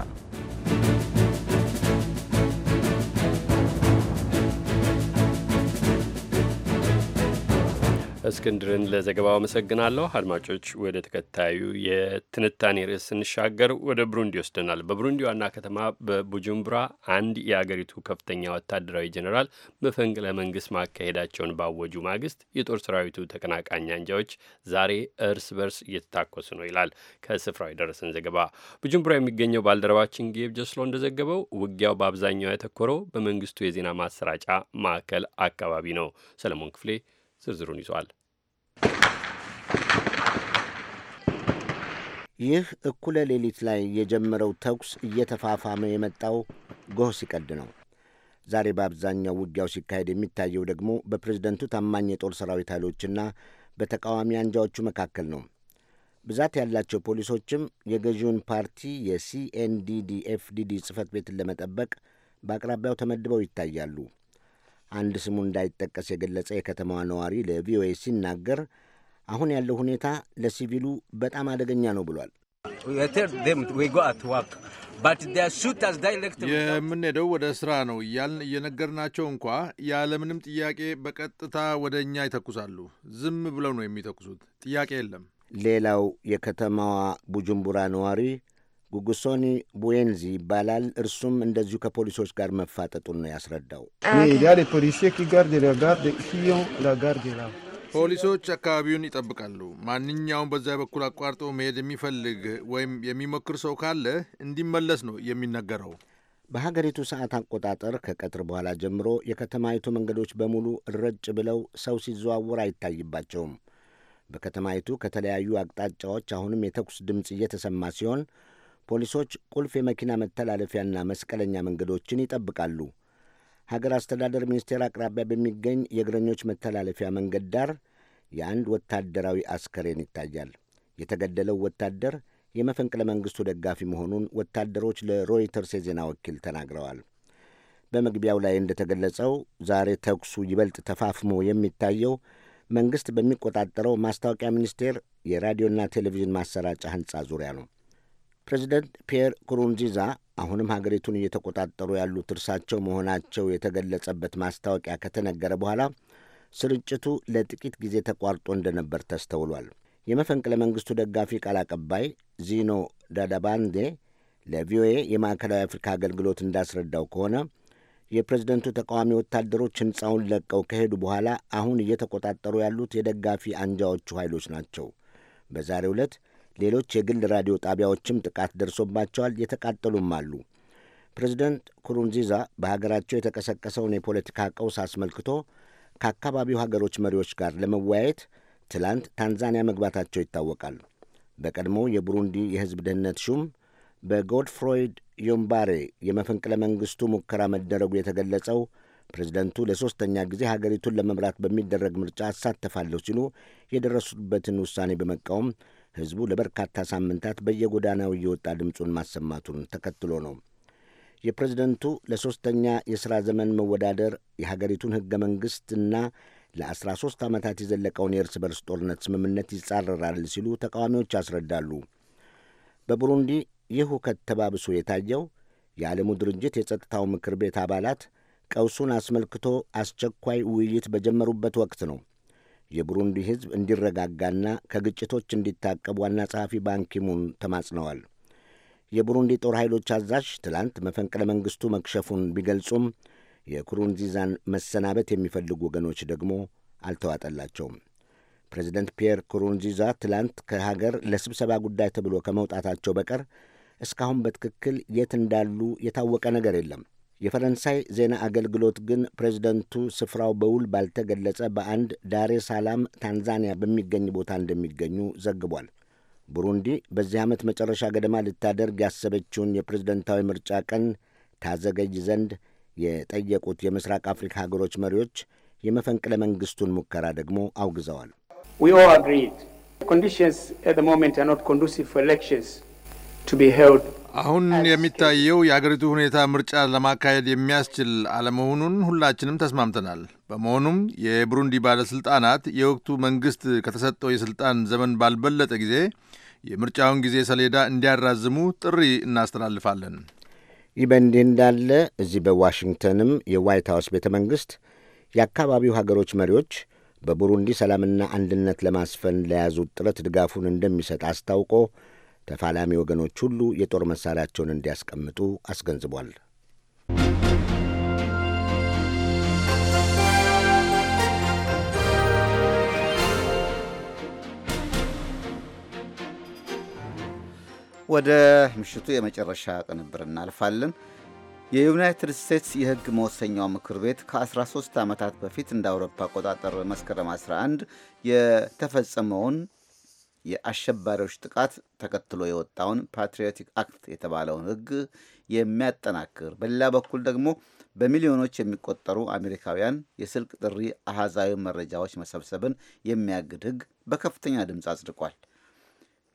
እስክንድርን ለዘገባው አመሰግናለሁ። አድማጮች ወደ ተከታዩ የትንታኔ ርዕስ ስንሻገር ወደ ብሩንዲ ይወስደናል። በብሩንዲ ዋና ከተማ በቡጁምቡራ አንድ የአገሪቱ ከፍተኛ ወታደራዊ ጀኔራል መፈንቅለ መንግስት ማካሄዳቸውን ባወጁ ማግስት የጦር ሰራዊቱ ተቀናቃኝ አንጃዎች ዛሬ እርስ በርስ እየተታኮሱ ነው ይላል ከስፍራው የደረሰን ዘገባ። ቡጁምቡራ የሚገኘው ባልደረባችን ጌብ ጀስሎ እንደዘገበው ውጊያው በአብዛኛው ያተኮረው በመንግስቱ የዜና ማሰራጫ ማዕከል አካባቢ ነው። ሰለሞን ክፍሌ ዝርዝሩን ይዟል። ይህ እኩለ ሌሊት ላይ የጀመረው ተኩስ እየተፋፋመ የመጣው ጎህ ሲቀድ ነው። ዛሬ በአብዛኛው ውጊያው ሲካሄድ የሚታየው ደግሞ በፕሬዝደንቱ ታማኝ የጦር ሰራዊት ኃይሎችና በተቃዋሚ አንጃዎቹ መካከል ነው። ብዛት ያላቸው ፖሊሶችም የገዢውን ፓርቲ የሲኤንዲዲኤፍዲዲ ጽህፈት ቤትን ለመጠበቅ በአቅራቢያው ተመድበው ይታያሉ። አንድ ስሙ እንዳይጠቀስ የገለጸ የከተማዋ ነዋሪ ለቪኦኤ ሲናገር አሁን ያለው ሁኔታ ለሲቪሉ በጣም አደገኛ ነው ብሏል። የምንሄደው ወደ ስራ ነው እያልን እየነገርናቸው እንኳ ያለምንም ጥያቄ በቀጥታ ወደ እኛ ይተኩሳሉ። ዝም ብለው ነው የሚተኩሱት፣ ጥያቄ የለም። ሌላው የከተማዋ ቡጅምቡራ ነዋሪ ጉጉሶኒ ቡዌንዚ ይባላል። እርሱም እንደዚሁ ከፖሊሶች ጋር መፋጠጡን ነው ያስረዳው። ፖሊሶች አካባቢውን ይጠብቃሉ። ማንኛውም በዚያ በኩል አቋርጦ መሄድ የሚፈልግ ወይም የሚሞክር ሰው ካለ እንዲመለስ ነው የሚነገረው። በሀገሪቱ ሰዓት አቆጣጠር ከቀትር በኋላ ጀምሮ የከተማይቱ መንገዶች በሙሉ ረጭ ብለው ሰው ሲዘዋወር አይታይባቸውም። በከተማይቱ ከተለያዩ አቅጣጫዎች አሁንም የተኩስ ድምፅ እየተሰማ ሲሆን ፖሊሶች ቁልፍ የመኪና መተላለፊያና መስቀለኛ መንገዶችን ይጠብቃሉ። ሀገር አስተዳደር ሚኒስቴር አቅራቢያ በሚገኝ የእግረኞች መተላለፊያ መንገድ ዳር የአንድ ወታደራዊ አስከሬን ይታያል። የተገደለው ወታደር የመፈንቅለ መንግሥቱ ደጋፊ መሆኑን ወታደሮች ለሮይተርስ የዜና ወኪል ተናግረዋል። በመግቢያው ላይ እንደተገለጸው ዛሬ ተኩሱ ይበልጥ ተፋፍሞ የሚታየው መንግሥት በሚቆጣጠረው ማስታወቂያ ሚኒስቴር የራዲዮና ቴሌቪዥን ማሰራጫ ሕንፃ ዙሪያ ነው። ፕሬዚደንት ፒየር ኩሩንዚዛ አሁንም ሀገሪቱን እየተቆጣጠሩ ያሉት እርሳቸው መሆናቸው የተገለጸበት ማስታወቂያ ከተነገረ በኋላ ስርጭቱ ለጥቂት ጊዜ ተቋርጦ እንደነበር ተስተውሏል። የመፈንቅለ መንግስቱ ደጋፊ ቃል አቀባይ ዚኖ ዳዳባንዴ ለቪኦኤ የማዕከላዊ አፍሪካ አገልግሎት እንዳስረዳው ከሆነ የፕሬዝደንቱ ተቃዋሚ ወታደሮች ሕንፃውን ለቀው ከሄዱ በኋላ አሁን እየተቆጣጠሩ ያሉት የደጋፊ አንጃዎቹ ኃይሎች ናቸው። በዛሬ ዕለት ሌሎች የግል ራዲዮ ጣቢያዎችም ጥቃት ደርሶባቸዋል። የተቃጠሉም አሉ። ፕሬዚደንት ኩሩንዚዛ በሀገራቸው የተቀሰቀሰውን የፖለቲካ ቀውስ አስመልክቶ ከአካባቢው ሀገሮች መሪዎች ጋር ለመወያየት ትላንት ታንዛኒያ መግባታቸው ይታወቃል። በቀድሞ የቡሩንዲ የሕዝብ ደህንነት ሹም በጎድፍሮይድ ዮምባሬ የመፈንቅለ መንግሥቱ ሙከራ መደረጉ የተገለጸው ፕሬዚደንቱ ለሦስተኛ ጊዜ ሀገሪቱን ለመምራት በሚደረግ ምርጫ አሳተፋለሁ ሲሉ የደረሱበትን ውሳኔ በመቃወም ሕዝቡ ለበርካታ ሳምንታት በየጎዳናው እየወጣ ድምፁን ማሰማቱን ተከትሎ ነው። የፕሬዝደንቱ ለሦስተኛ የሥራ ዘመን መወዳደር የሀገሪቱን ሕገ መንግሥትና ለ13 ዓመታት የዘለቀውን የእርስ በርስ ጦርነት ስምምነት ይጻረራል ሲሉ ተቃዋሚዎች ያስረዳሉ። በቡሩንዲ ይህ ሁከት ተባብሶ የታየው የዓለሙ ድርጅት የጸጥታው ምክር ቤት አባላት ቀውሱን አስመልክቶ አስቸኳይ ውይይት በጀመሩበት ወቅት ነው። የቡሩንዲ ሕዝብ እንዲረጋጋና ከግጭቶች እንዲታቀብ ዋና ጸሐፊ ባንኪሙን ተማጽነዋል። የቡሩንዲ ጦር ኃይሎች አዛዥ ትላንት መፈንቅለ መንግሥቱ መክሸፉን ቢገልጹም የኩሩንዚዛን መሰናበት የሚፈልጉ ወገኖች ደግሞ አልተዋጠላቸውም። ፕሬዚደንት ፒየር ኩሩንዚዛ ትላንት ከሀገር ለስብሰባ ጉዳይ ተብሎ ከመውጣታቸው በቀር እስካሁን በትክክል የት እንዳሉ የታወቀ ነገር የለም። የፈረንሳይ ዜና አገልግሎት ግን ፕሬዚደንቱ ስፍራው በውል ባልተገለጸ በአንድ ዳሬ ሳላም ታንዛኒያ በሚገኝ ቦታ እንደሚገኙ ዘግቧል። ቡሩንዲ በዚህ ዓመት መጨረሻ ገደማ ልታደርግ ያሰበችውን የፕሬዝደንታዊ ምርጫ ቀን ታዘገይ ዘንድ የጠየቁት የምስራቅ አፍሪካ ሀገሮች መሪዎች የመፈንቅለ መንግስቱን ሙከራ ደግሞ አውግዘዋል። ኮንዲሽንስ አት ዘ ሞመንት አር ኖት ኮንዱሲቭ ፎር ኤሌክሽንስ ቱ ቢ ሄልድ አሁን የሚታየው የአገሪቱ ሁኔታ ምርጫ ለማካሄድ የሚያስችል አለመሆኑን ሁላችንም ተስማምተናል። በመሆኑም የብሩንዲ ባለሥልጣናት የወቅቱ መንግሥት ከተሰጠው የሥልጣን ዘመን ባልበለጠ ጊዜ የምርጫውን ጊዜ ሰሌዳ እንዲያራዝሙ ጥሪ እናስተላልፋለን። ይህ በእንዲህ እንዳለ እዚህ በዋሽንግተንም የዋይት ሀውስ ቤተ መንግሥት የአካባቢው ሀገሮች መሪዎች በቡሩንዲ ሰላምና አንድነት ለማስፈን ለያዙት ጥረት ድጋፉን እንደሚሰጥ አስታውቆ ተፋላሚ ወገኖች ሁሉ የጦር መሳሪያቸውን እንዲያስቀምጡ አስገንዝቧል። ወደ ምሽቱ የመጨረሻ ቅንብር እናልፋለን። የዩናይትድ ስቴትስ የሕግ መወሰኛው ምክር ቤት ከ13 ዓመታት በፊት እንደ አውሮፓ አቆጣጠር መስከረም 11 የተፈጸመውን የአሸባሪዎች ጥቃት ተከትሎ የወጣውን ፓትሪዮቲክ አክት የተባለውን ሕግ የሚያጠናክር፣ በሌላ በኩል ደግሞ በሚሊዮኖች የሚቆጠሩ አሜሪካውያን የስልክ ጥሪ አሃዛዊ መረጃዎች መሰብሰብን የሚያግድ ሕግ በከፍተኛ ድምፅ አጽድቋል።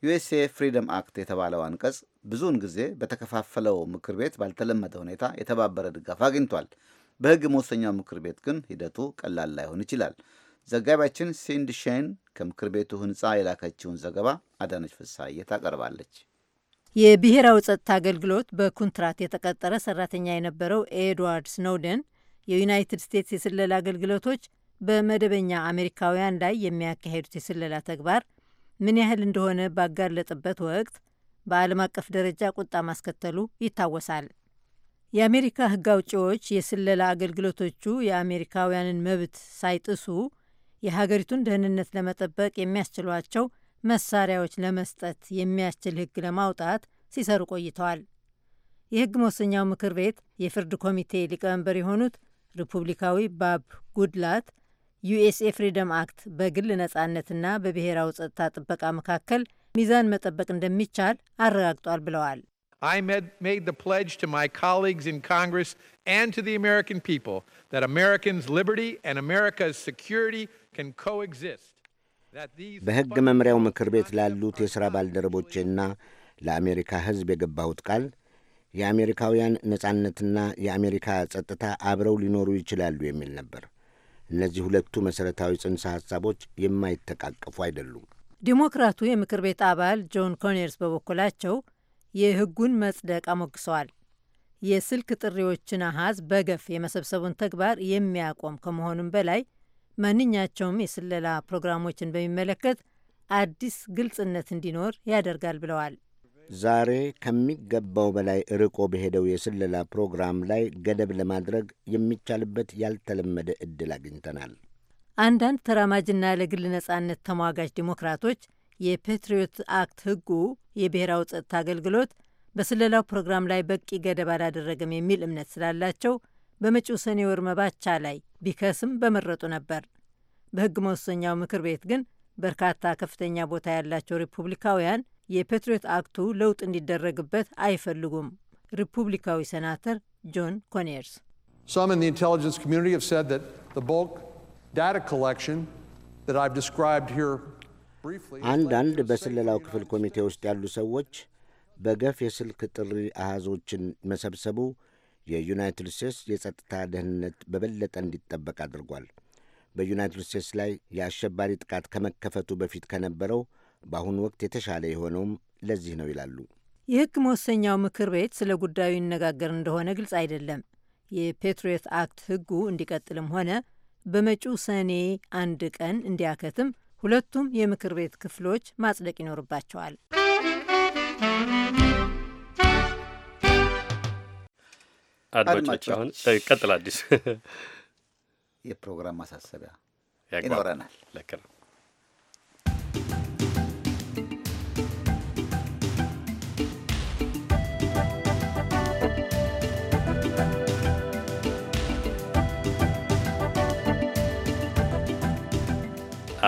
ዩኤስኤ ፍሪደም አክት የተባለው አንቀጽ ብዙውን ጊዜ በተከፋፈለው ምክር ቤት ባልተለመደ ሁኔታ የተባበረ ድጋፍ አግኝቷል። በሕግ መወሰኛው ምክር ቤት ግን ሂደቱ ቀላል ላይሆን ይችላል። ዘጋቢያችን ሲንድ ሼን ከምክር ቤቱ ህንፃ የላከችውን ዘገባ አዳነች ፍሳዬ ታቀርባለች። የብሔራዊ ጸጥታ አገልግሎት በኩንትራት የተቀጠረ ሰራተኛ የነበረው ኤድዋርድ ስኖደን የዩናይትድ ስቴትስ የስለላ አገልግሎቶች በመደበኛ አሜሪካውያን ላይ የሚያካሄዱት የስለላ ተግባር ምን ያህል እንደሆነ ባጋለጥበት ወቅት በዓለም አቀፍ ደረጃ ቁጣ ማስከተሉ ይታወሳል። የአሜሪካ ሕግ አውጪዎች የስለላ አገልግሎቶቹ የአሜሪካውያንን መብት ሳይጥሱ የሀገሪቱን ደህንነት ለመጠበቅ የሚያስችሏቸው መሳሪያዎች ለመስጠት የሚያስችል ህግ ለማውጣት ሲሰሩ ቆይተዋል። የህግ መወሰኛው ምክር ቤት የፍርድ ኮሚቴ ሊቀመንበር የሆኑት ሪፑብሊካዊ ባብ ጉድላት ዩኤስኤ ፍሪደም አክት በግል ነጻነትና በብሔራዊ ጸጥታ ጥበቃ መካከል ሚዛን መጠበቅ እንደሚቻል አረጋግጧል ብለዋል። በሕግ መምሪያው ምክር ቤት ላሉት የሥራ ባልደረቦቼና ለአሜሪካ ሕዝብ የገባሁት ቃል የአሜሪካውያን ነጻነትና የአሜሪካ ጸጥታ አብረው ሊኖሩ ይችላሉ የሚል ነበር። እነዚህ ሁለቱ መሠረታዊ ጽንሰ ሐሳቦች የማይተቃቀፉ አይደሉም። ዲሞክራቱ የምክር ቤት አባል ጆን ኮኔርስ በበኩላቸው የሕጉን መጽደቅ አሞግሰዋል። የስልክ ጥሪዎችን አሃዝ በገፍ የመሰብሰቡን ተግባር የሚያቆም ከመሆኑም በላይ ማንኛቸውም የስለላ ፕሮግራሞችን በሚመለከት አዲስ ግልጽነት እንዲኖር ያደርጋል ብለዋል። ዛሬ ከሚገባው በላይ ርቆ በሄደው የስለላ ፕሮግራም ላይ ገደብ ለማድረግ የሚቻልበት ያልተለመደ ዕድል አግኝተናል። አንዳንድ ተራማጅና ለግል ነጻነት ተሟጋጅ ዲሞክራቶች የፔትሪዮት አክት ሕጉ የብሔራዊ ጸጥታ አገልግሎት በስለላው ፕሮግራም ላይ በቂ ገደብ አላደረገም የሚል እምነት ስላላቸው በመጪው ሰኔ ወር መባቻ ላይ ቢከስም በመረጡ ነበር። በሕግ መወሰኛው ምክር ቤት ግን በርካታ ከፍተኛ ቦታ ያላቸው ሪፑብሊካውያን የፔትሪዮት አክቱ ለውጥ እንዲደረግበት አይፈልጉም። ሪፑብሊካዊ ሴናተር ጆን ኮኔርስ አንዳንድ በስለላው ክፍል ኮሚቴ ውስጥ ያሉ ሰዎች በገፍ የስልክ ጥሪ አሃዞችን መሰብሰቡ የዩናይትድ ስቴትስ የጸጥታ ደህንነት በበለጠ እንዲጠበቅ አድርጓል። በዩናይትድ ስቴትስ ላይ የአሸባሪ ጥቃት ከመከፈቱ በፊት ከነበረው በአሁኑ ወቅት የተሻለ የሆነውም ለዚህ ነው ይላሉ። የሕግ መወሰኛው ምክር ቤት ስለ ጉዳዩ ይነጋገር እንደሆነ ግልጽ አይደለም። የፔትሪዮት አክት ሕጉ እንዲቀጥልም ሆነ በመጪው ሰኔ አንድ ቀን እንዲያከትም ሁለቱም የምክር ቤት ክፍሎች ማጽደቅ ይኖርባቸዋል። አድማጮች አሁን ቀጥል። አዲስ የፕሮግራም ማሳሰቢያ ይኖረናል። ልክ ነው።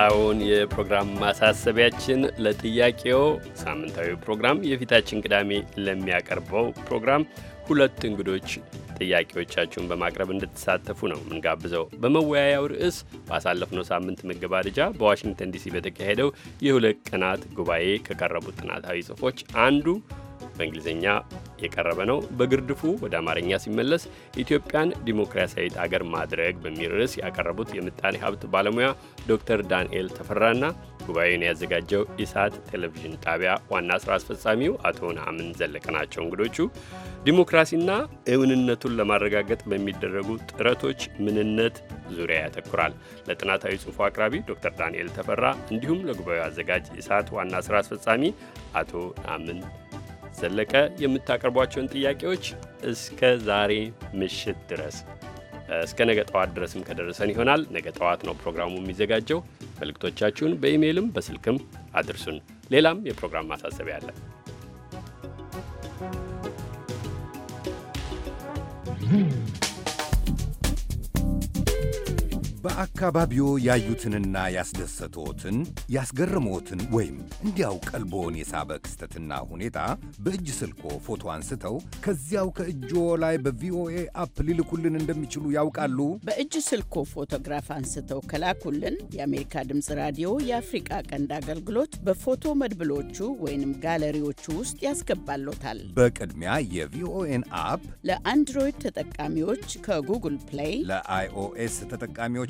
አሁን የፕሮግራም ማሳሰቢያችን ለጥያቄው ሳምንታዊ ፕሮግራም የፊታችን ቅዳሜ ለሚያቀርበው ፕሮግራም ሁለት እንግዶች ጥያቄዎቻችሁን በማቅረብ እንድትሳተፉ ነው ምንጋብዘው። በመወያያው ርዕስ ባሳለፍነው ሳምንት መገባደጃ በዋሽንግተን ዲሲ በተካሄደው የሁለት ቀናት ጉባኤ ከቀረቡት ጥናታዊ ጽሑፎች አንዱ በእንግሊዝኛ የቀረበ ነው። በግርድፉ ወደ አማርኛ ሲመለስ ኢትዮጵያን ዲሞክራሲያዊት አገር ማድረግ በሚል ርዕስ ያቀረቡት የምጣኔ ሀብት ባለሙያ ዶክተር ዳንኤል ተፈራና ጉባኤውን ያዘጋጀው ኢሳት ቴሌቪዥን ጣቢያ ዋና ስራ አስፈጻሚው አቶ ነአምን ዘለቀ ናቸው። እንግዶቹ ዲሞክራሲና እውንነቱን ለማረጋገጥ በሚደረጉ ጥረቶች ምንነት ዙሪያ ያተኩራል። ለጥናታዊ ጽሑፉ አቅራቢ ዶክተር ዳንኤል ተፈራ እንዲሁም ለጉባኤው አዘጋጅ ኢሳት ዋና ስራ አስፈጻሚ አቶ ነአምን ዘለቀ የምታቀርቧቸውን ጥያቄዎች እስከ ዛሬ ምሽት ድረስ እስከ ነገ ጠዋት ድረስም ከደረሰን ይሆናል። ነገ ጠዋት ነው ፕሮግራሙ የሚዘጋጀው። መልእክቶቻችሁን በኢሜይልም በስልክም አድርሱን። ሌላም የፕሮግራም ማሳሰቢያ አለ Mm-hmm. በአካባቢዎ ያዩትንና ያስደሰቶትን ያስገርሞትን ወይም እንዲያው ቀልቦን የሳበ ክስተትና ሁኔታ በእጅ ስልኮ ፎቶ አንስተው ከዚያው ከእጆ ላይ በቪኦኤ አፕ ሊልኩልን እንደሚችሉ ያውቃሉ? በእጅ ስልኮ ፎቶግራፍ አንስተው ከላኩልን የአሜሪካ ድምፅ ራዲዮ የአፍሪቃ ቀንድ አገልግሎት በፎቶ መድብሎቹ ወይንም ጋለሪዎቹ ውስጥ ያስገባሎታል። በቅድሚያ የቪኦኤን አፕ ለአንድሮይድ ተጠቃሚዎች ከጉግል ፕሌይ፣ ለአይኦኤስ ተጠቃሚዎች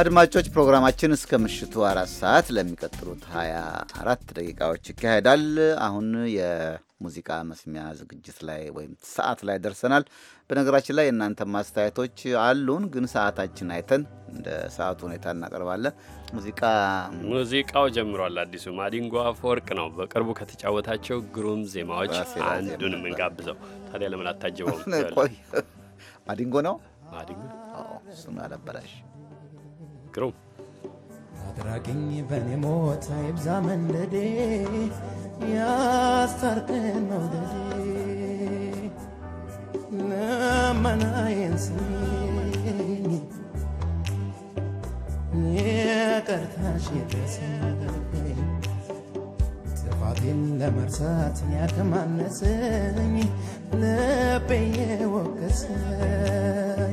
አድማጮች ፕሮግራማችን እስከ ምሽቱ አራት ሰዓት ለሚቀጥሉት 24 ደቂቃዎች ይካሄዳል። አሁን የሙዚቃ መስሚያ ዝግጅት ላይ ወይም ሰዓት ላይ ደርሰናል። በነገራችን ላይ የእናንተ ማስተያየቶች አሉን፣ ግን ሰዓታችን አይተን እንደ ሰዓቱ ሁኔታ እናቀርባለን። ሙዚቃ ሙዚቃው ጀምሯል። አዲሱ ማዲንጎ አፈወርቅ ነው በቅርቡ ከተጫወታቸው ግሩም ዜማዎች አንዱን የምንጋብዘው። ታዲያ ለምን አታጀበው? ማዲንጎ ነው ማዲንጎ እሱን አለበላሽ የሚያስቸግረው። አድራጊኝ በኔ ሞት አይብዛ መንደዴ ያስታርቅን መውደዴ ለመናዬን ስሚኝ የቀርታሽ ይድረሰኝ ጥፋቴን ለመርሳት ያከማነሰኝ ልቤ የወቀሰኝ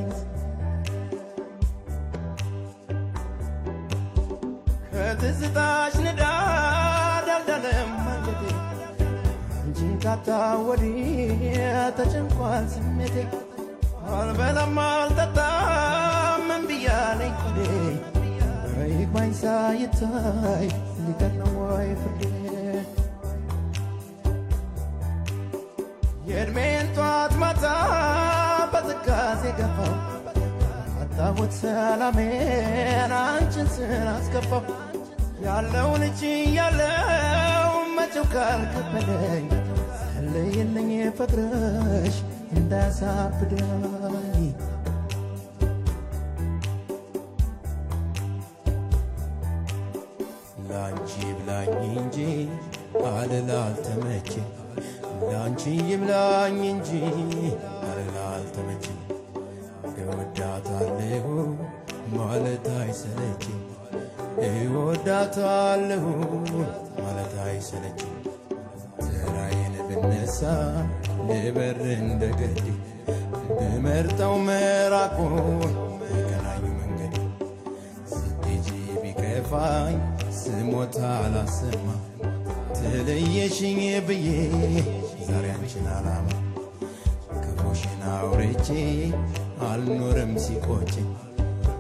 ከትዝታሽ ንዳድ አልዳለም አንጀቴ አንቺን ካጣ ወዲህ ተጨንቋል ስሜቴ አልበላም አልጠጣም እምብያለኝ ቆዴ ይግባኝ ሳይታይ ሊቀር ነው ወይ ፍርዴ የእድሜን ጧት ማታ በትካዜ ገፋው አጣሁት ሰላሜን አንቺን ስላስከፋው ያለው ልጅ ያለው መቼው ካልከበደኝ ለየለኝ ፍቅርሽ እንዳሳብደኝ ላንቺ ብላኝ እንጂ አልላልተመቼ ላንቺ ይብላኝ እንጂ እወዳታለሁ ማለት አይሰለቼ እወዳታለሁ ማለት አይሰለችም። ተራዬን ብነሳ ልበር እንደ ገድ ብመርጠው መራቁን የቀናዩ መንገድ ስትሄጂ ቢከፋኝ ስሞታ አላሰማ ተለየሽኝ ብዬ ዛሬ አንቺን አላማ ክፉሽን አውርቼ አልኖርም ሲቆጭኝ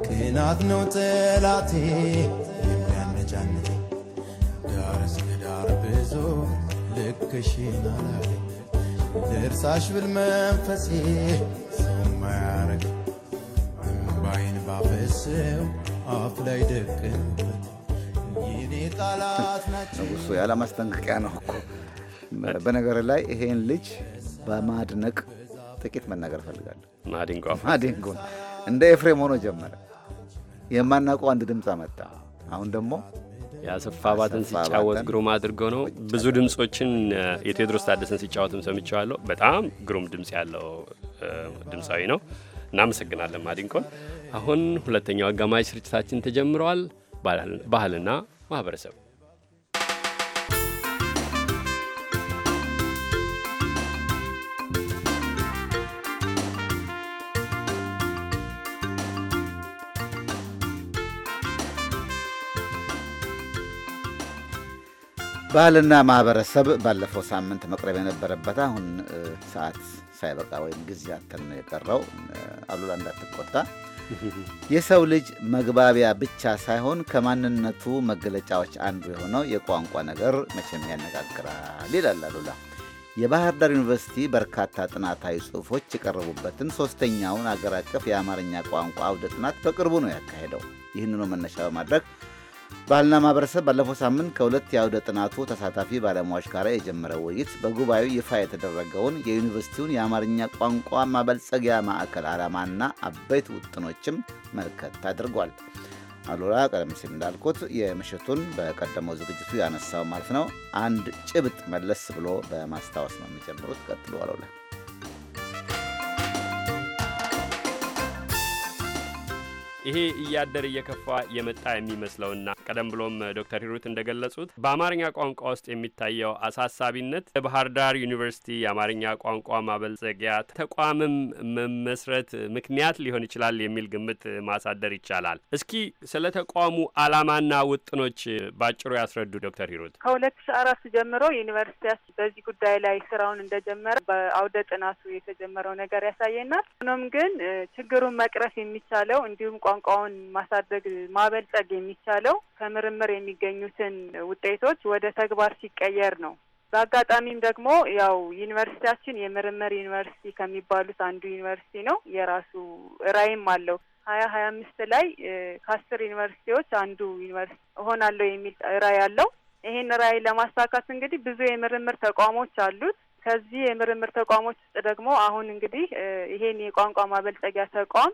ቅናት ነው ጠላቴ ይዞ ልክሽን አላለኝ ልርሳሽ ብል መንፈሴ ሰማ ያረግ ባፈሰው አፍ ላይ ደቅንበት የኔ ቃላት ናቸው። እሱ ያለ ማስጠንቀቂያ ነው እኮ። በነገር ላይ ይሄን ልጅ በማድነቅ ጥቂት መናገር እፈልጋለሁ። ማዲንጎ ማዲንጎ እንደ ኤፍሬም ሆኖ ጀመረ። የማናውቀው አንድ ድምፅ አመጣ። አሁን ደግሞ የአሰፋ ባትን ሲጫወት ግሩም አድርጎ ነው። ብዙ ድምጾችን የቴዎድሮስ ታደሰን ሲጫወትም ሰምቸዋለሁ። በጣም ግሩም ድምጽ ያለው ድምፃዊ ነው። እናመሰግናለን ማዲንኮን። አሁን ሁለተኛው አጋማሽ ስርጭታችን ተጀምረዋል። ባህልና ማህበረሰብ ባህልና ማህበረሰብ ባለፈው ሳምንት መቅረብ የነበረበት አሁን ሰዓት ሳይበቃ ወይም ጊዜ አተን ነው የቀረው። አሉላ እንዳትቆጣ። የሰው ልጅ መግባቢያ ብቻ ሳይሆን ከማንነቱ መገለጫዎች አንዱ የሆነው የቋንቋ ነገር መቼም ያነጋግራል ይላል አሉላ። የባህር ዳር ዩኒቨርሲቲ በርካታ ጥናታዊ ጽሑፎች የቀረቡበትን ሶስተኛውን አገር አቀፍ የአማርኛ ቋንቋ አውደ ጥናት በቅርቡ ነው ያካሄደው። ይህንኑ መነሻ በማድረግ ባህልና ማህበረሰብ ባለፈው ሳምንት ከሁለት የአውደ ጥናቱ ተሳታፊ ባለሙያዎች ጋር የጀመረው ውይይት በጉባኤው ይፋ የተደረገውን የዩኒቨርሲቲውን የአማርኛ ቋንቋ ማበልጸጊያ ማዕከል ዓላማና አበይት ውጥኖችም መልከት አድርጓል። አሉላ ቀደም ሲል እንዳልኩት የምሽቱን በቀደመው ዝግጅቱ ያነሳው ማለት ነው አንድ ጭብጥ መለስ ብሎ በማስታወስ ነው የሚጀምሩት። ቀጥሎ አሉላ ይሄ እያደር እየከፋ የመጣ የሚመስለውና ቀደም ብሎም ዶክተር ሂሩት እንደገለጹት በአማርኛ ቋንቋ ውስጥ የሚታየው አሳሳቢነት የባህር ዳር ዩኒቨርሲቲ የአማርኛ ቋንቋ ማበልጸጊያ ተቋምም መመስረት ምክንያት ሊሆን ይችላል የሚል ግምት ማሳደር ይቻላል። እስኪ ስለ ተቋሙ ዓላማና ውጥኖች ባጭሩ ያስረዱ ዶክተር ሂሩት። ከሁለት ሺ አራት ጀምሮ ዩኒቨርሲቲያችን በዚህ ጉዳይ ላይ ስራውን እንደጀመረ በአውደ ጥናቱ የተጀመረው ነገር ያሳየናል። ሆኖም ግን ችግሩን መቅረፍ የሚቻለው እንዲሁም ቋ ቋንቋውን ማሳደግ ማበልጸግ የሚቻለው ከምርምር የሚገኙትን ውጤቶች ወደ ተግባር ሲቀየር ነው። በአጋጣሚም ደግሞ ያው ዩኒቨርሲቲያችን የምርምር ዩኒቨርሲቲ ከሚባሉት አንዱ ዩኒቨርሲቲ ነው። የራሱ ራዕይም አለው። ሀያ ሀያ አምስት ላይ ከአስር ዩኒቨርሲቲዎች አንዱ ዩኒቨርሲቲ እሆናለሁ የሚል ራዕይ አለው። ይሄን ራዕይ ለማሳካት እንግዲህ ብዙ የምርምር ተቋሞች አሉት። ከዚህ የምርምር ተቋሞች ውስጥ ደግሞ አሁን እንግዲህ ይሄን የቋንቋ ማበልጸጊያ ተቋም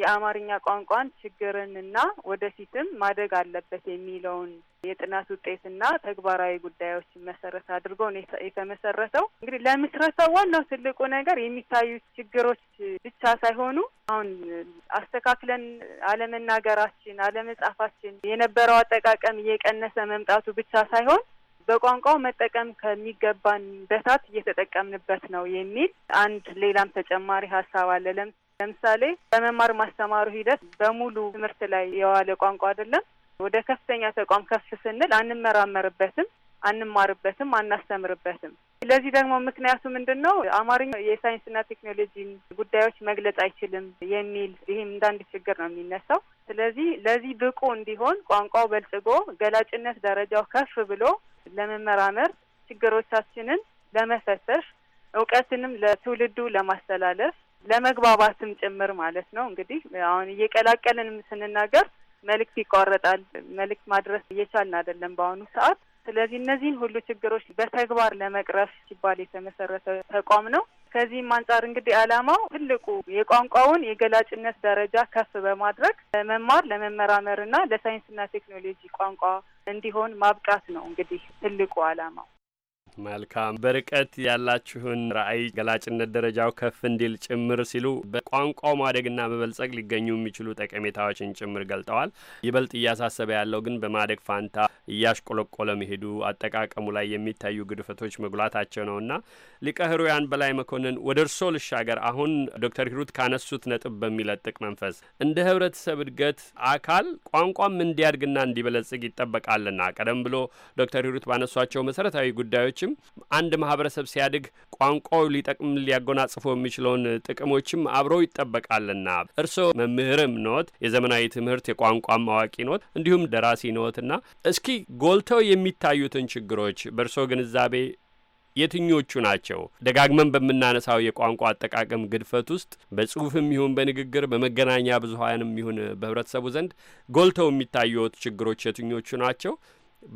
የአማርኛ ቋንቋን ችግርንና ወደፊትም ማደግ አለበት የሚለውን የጥናት ውጤትና ተግባራዊ ጉዳዮችን መሰረት አድርጎ ነው የተመሰረተው። እንግዲህ ለምስረታው ዋናው ትልቁ ነገር የሚታዩት ችግሮች ብቻ ሳይሆኑ አሁን አስተካክለን አለመናገራችን፣ አለመጻፋችን፣ የነበረው አጠቃቀም እየቀነሰ መምጣቱ ብቻ ሳይሆን በቋንቋው መጠቀም ከሚገባን በታች እየተጠቀምንበት ነው የሚል አንድ ሌላም ተጨማሪ ሀሳብ አለ። ለምሳሌ በመማር ማስተማሩ ሂደት በሙሉ ትምህርት ላይ የዋለ ቋንቋ አይደለም። ወደ ከፍተኛ ተቋም ከፍ ስንል አንመራመርበትም፣ አንማርበትም፣ አናስተምርበትም። ለዚህ ደግሞ ምክንያቱ ምንድን ነው? አማርኛ የሳይንስና ቴክኖሎጂን ጉዳዮች መግለጽ አይችልም የሚል ይህም እንዳንድ ችግር ነው የሚነሳው። ስለዚህ ለዚህ ብቁ እንዲሆን ቋንቋው በልጽጎ ገላጭነት ደረጃው ከፍ ብሎ ለመመራመር ችግሮቻችንን ለመፈተሽ እውቀትንም ለትውልዱ ለማስተላለፍ ለመግባባትም ጭምር ማለት ነው። እንግዲህ አሁን እየቀላቀልንም ስንናገር መልእክት ይቋረጣል። መልእክት ማድረስ እየቻልን አይደለም በአሁኑ ሰዓት። ስለዚህ እነዚህን ሁሉ ችግሮች በተግባር ለመቅረፍ ሲባል የተመሰረተ ተቋም ነው። ከዚህም አንጻር እንግዲህ ዓላማው ትልቁ የቋንቋውን የገላጭነት ደረጃ ከፍ በማድረግ ለመማር ለመመራመርና ለሳይንስና ቴክኖሎጂ ቋንቋ እንዲሆን ማብቃት ነው። እንግዲህ ትልቁ ዓላማው መልካም በርቀት ያላችሁን ራዕይ ገላጭነት ደረጃው ከፍ እንዲል ጭምር ሲሉ በቋንቋው ማደግና መበልጸግ ሊገኙ የሚችሉ ጠቀሜታዎችን ጭምር ገልጠዋል። ይበልጥ እያሳሰበ ያለው ግን በማደግ ፋንታ እያሽቆለቆለ መሄዱ፣ አጠቃቀሙ ላይ የሚታዩ ግድፈቶች መጉላታቸው ነውና ሊቀ ሕሩያን በላይ መኮንን ወደ እርሶ ልሻገር። አሁን ዶክተር ሂሩት ካነሱት ነጥብ በሚለጥቅ መንፈስ እንደ ህብረተሰብ እድገት አካል ቋንቋም እንዲያድግና እንዲበለጽግ ይጠበቃልና ቀደም ብሎ ዶክተር ሂሩት ባነሷቸው መሰረታዊ ጉዳዮች። ጥቅሞችም አንድ ማህበረሰብ ሲያድግ ቋንቋው ሊጠቅም ሊያጎናጽፎ የሚችለውን ጥቅሞችም አብረው ይጠበቃልና እርስዎ መምህርም ኖት፣ የዘመናዊ ትምህርት የቋንቋ አዋቂ ኖት፣ እንዲሁም ደራሲ ኖትና እስኪ ጎልተው የሚታዩትን ችግሮች በእርስዎ ግንዛቤ የትኞቹ ናቸው? ደጋግመን በምናነሳው የቋንቋ አጠቃቀም ግድፈት ውስጥ በጽሁፍም ይሁን በንግግር በመገናኛ ብዙሀንም ይሁን በህብረተሰቡ ዘንድ ጎልተው የሚታዩት ችግሮች የትኞቹ ናቸው?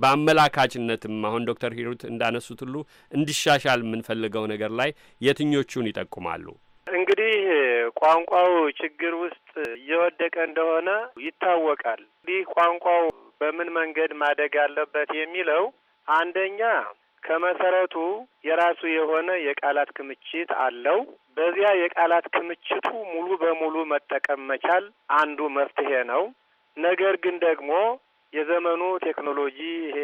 በአመላካችነትም አሁን ዶክተር ሂሩት እንዳነሱት ሁሉ እንዲሻሻል የምንፈልገው ነገር ላይ የትኞቹን ይጠቁማሉ? እንግዲህ ቋንቋው ችግር ውስጥ እየወደቀ እንደሆነ ይታወቃል። ይህ ቋንቋው በምን መንገድ ማደግ አለበት የሚለው አንደኛ ከመሰረቱ የራሱ የሆነ የቃላት ክምችት አለው። በዚያ የቃላት ክምችቱ ሙሉ በሙሉ መጠቀም መቻል አንዱ መፍትሄ ነው። ነገር ግን ደግሞ የዘመኑ ቴክኖሎጂ ይሄ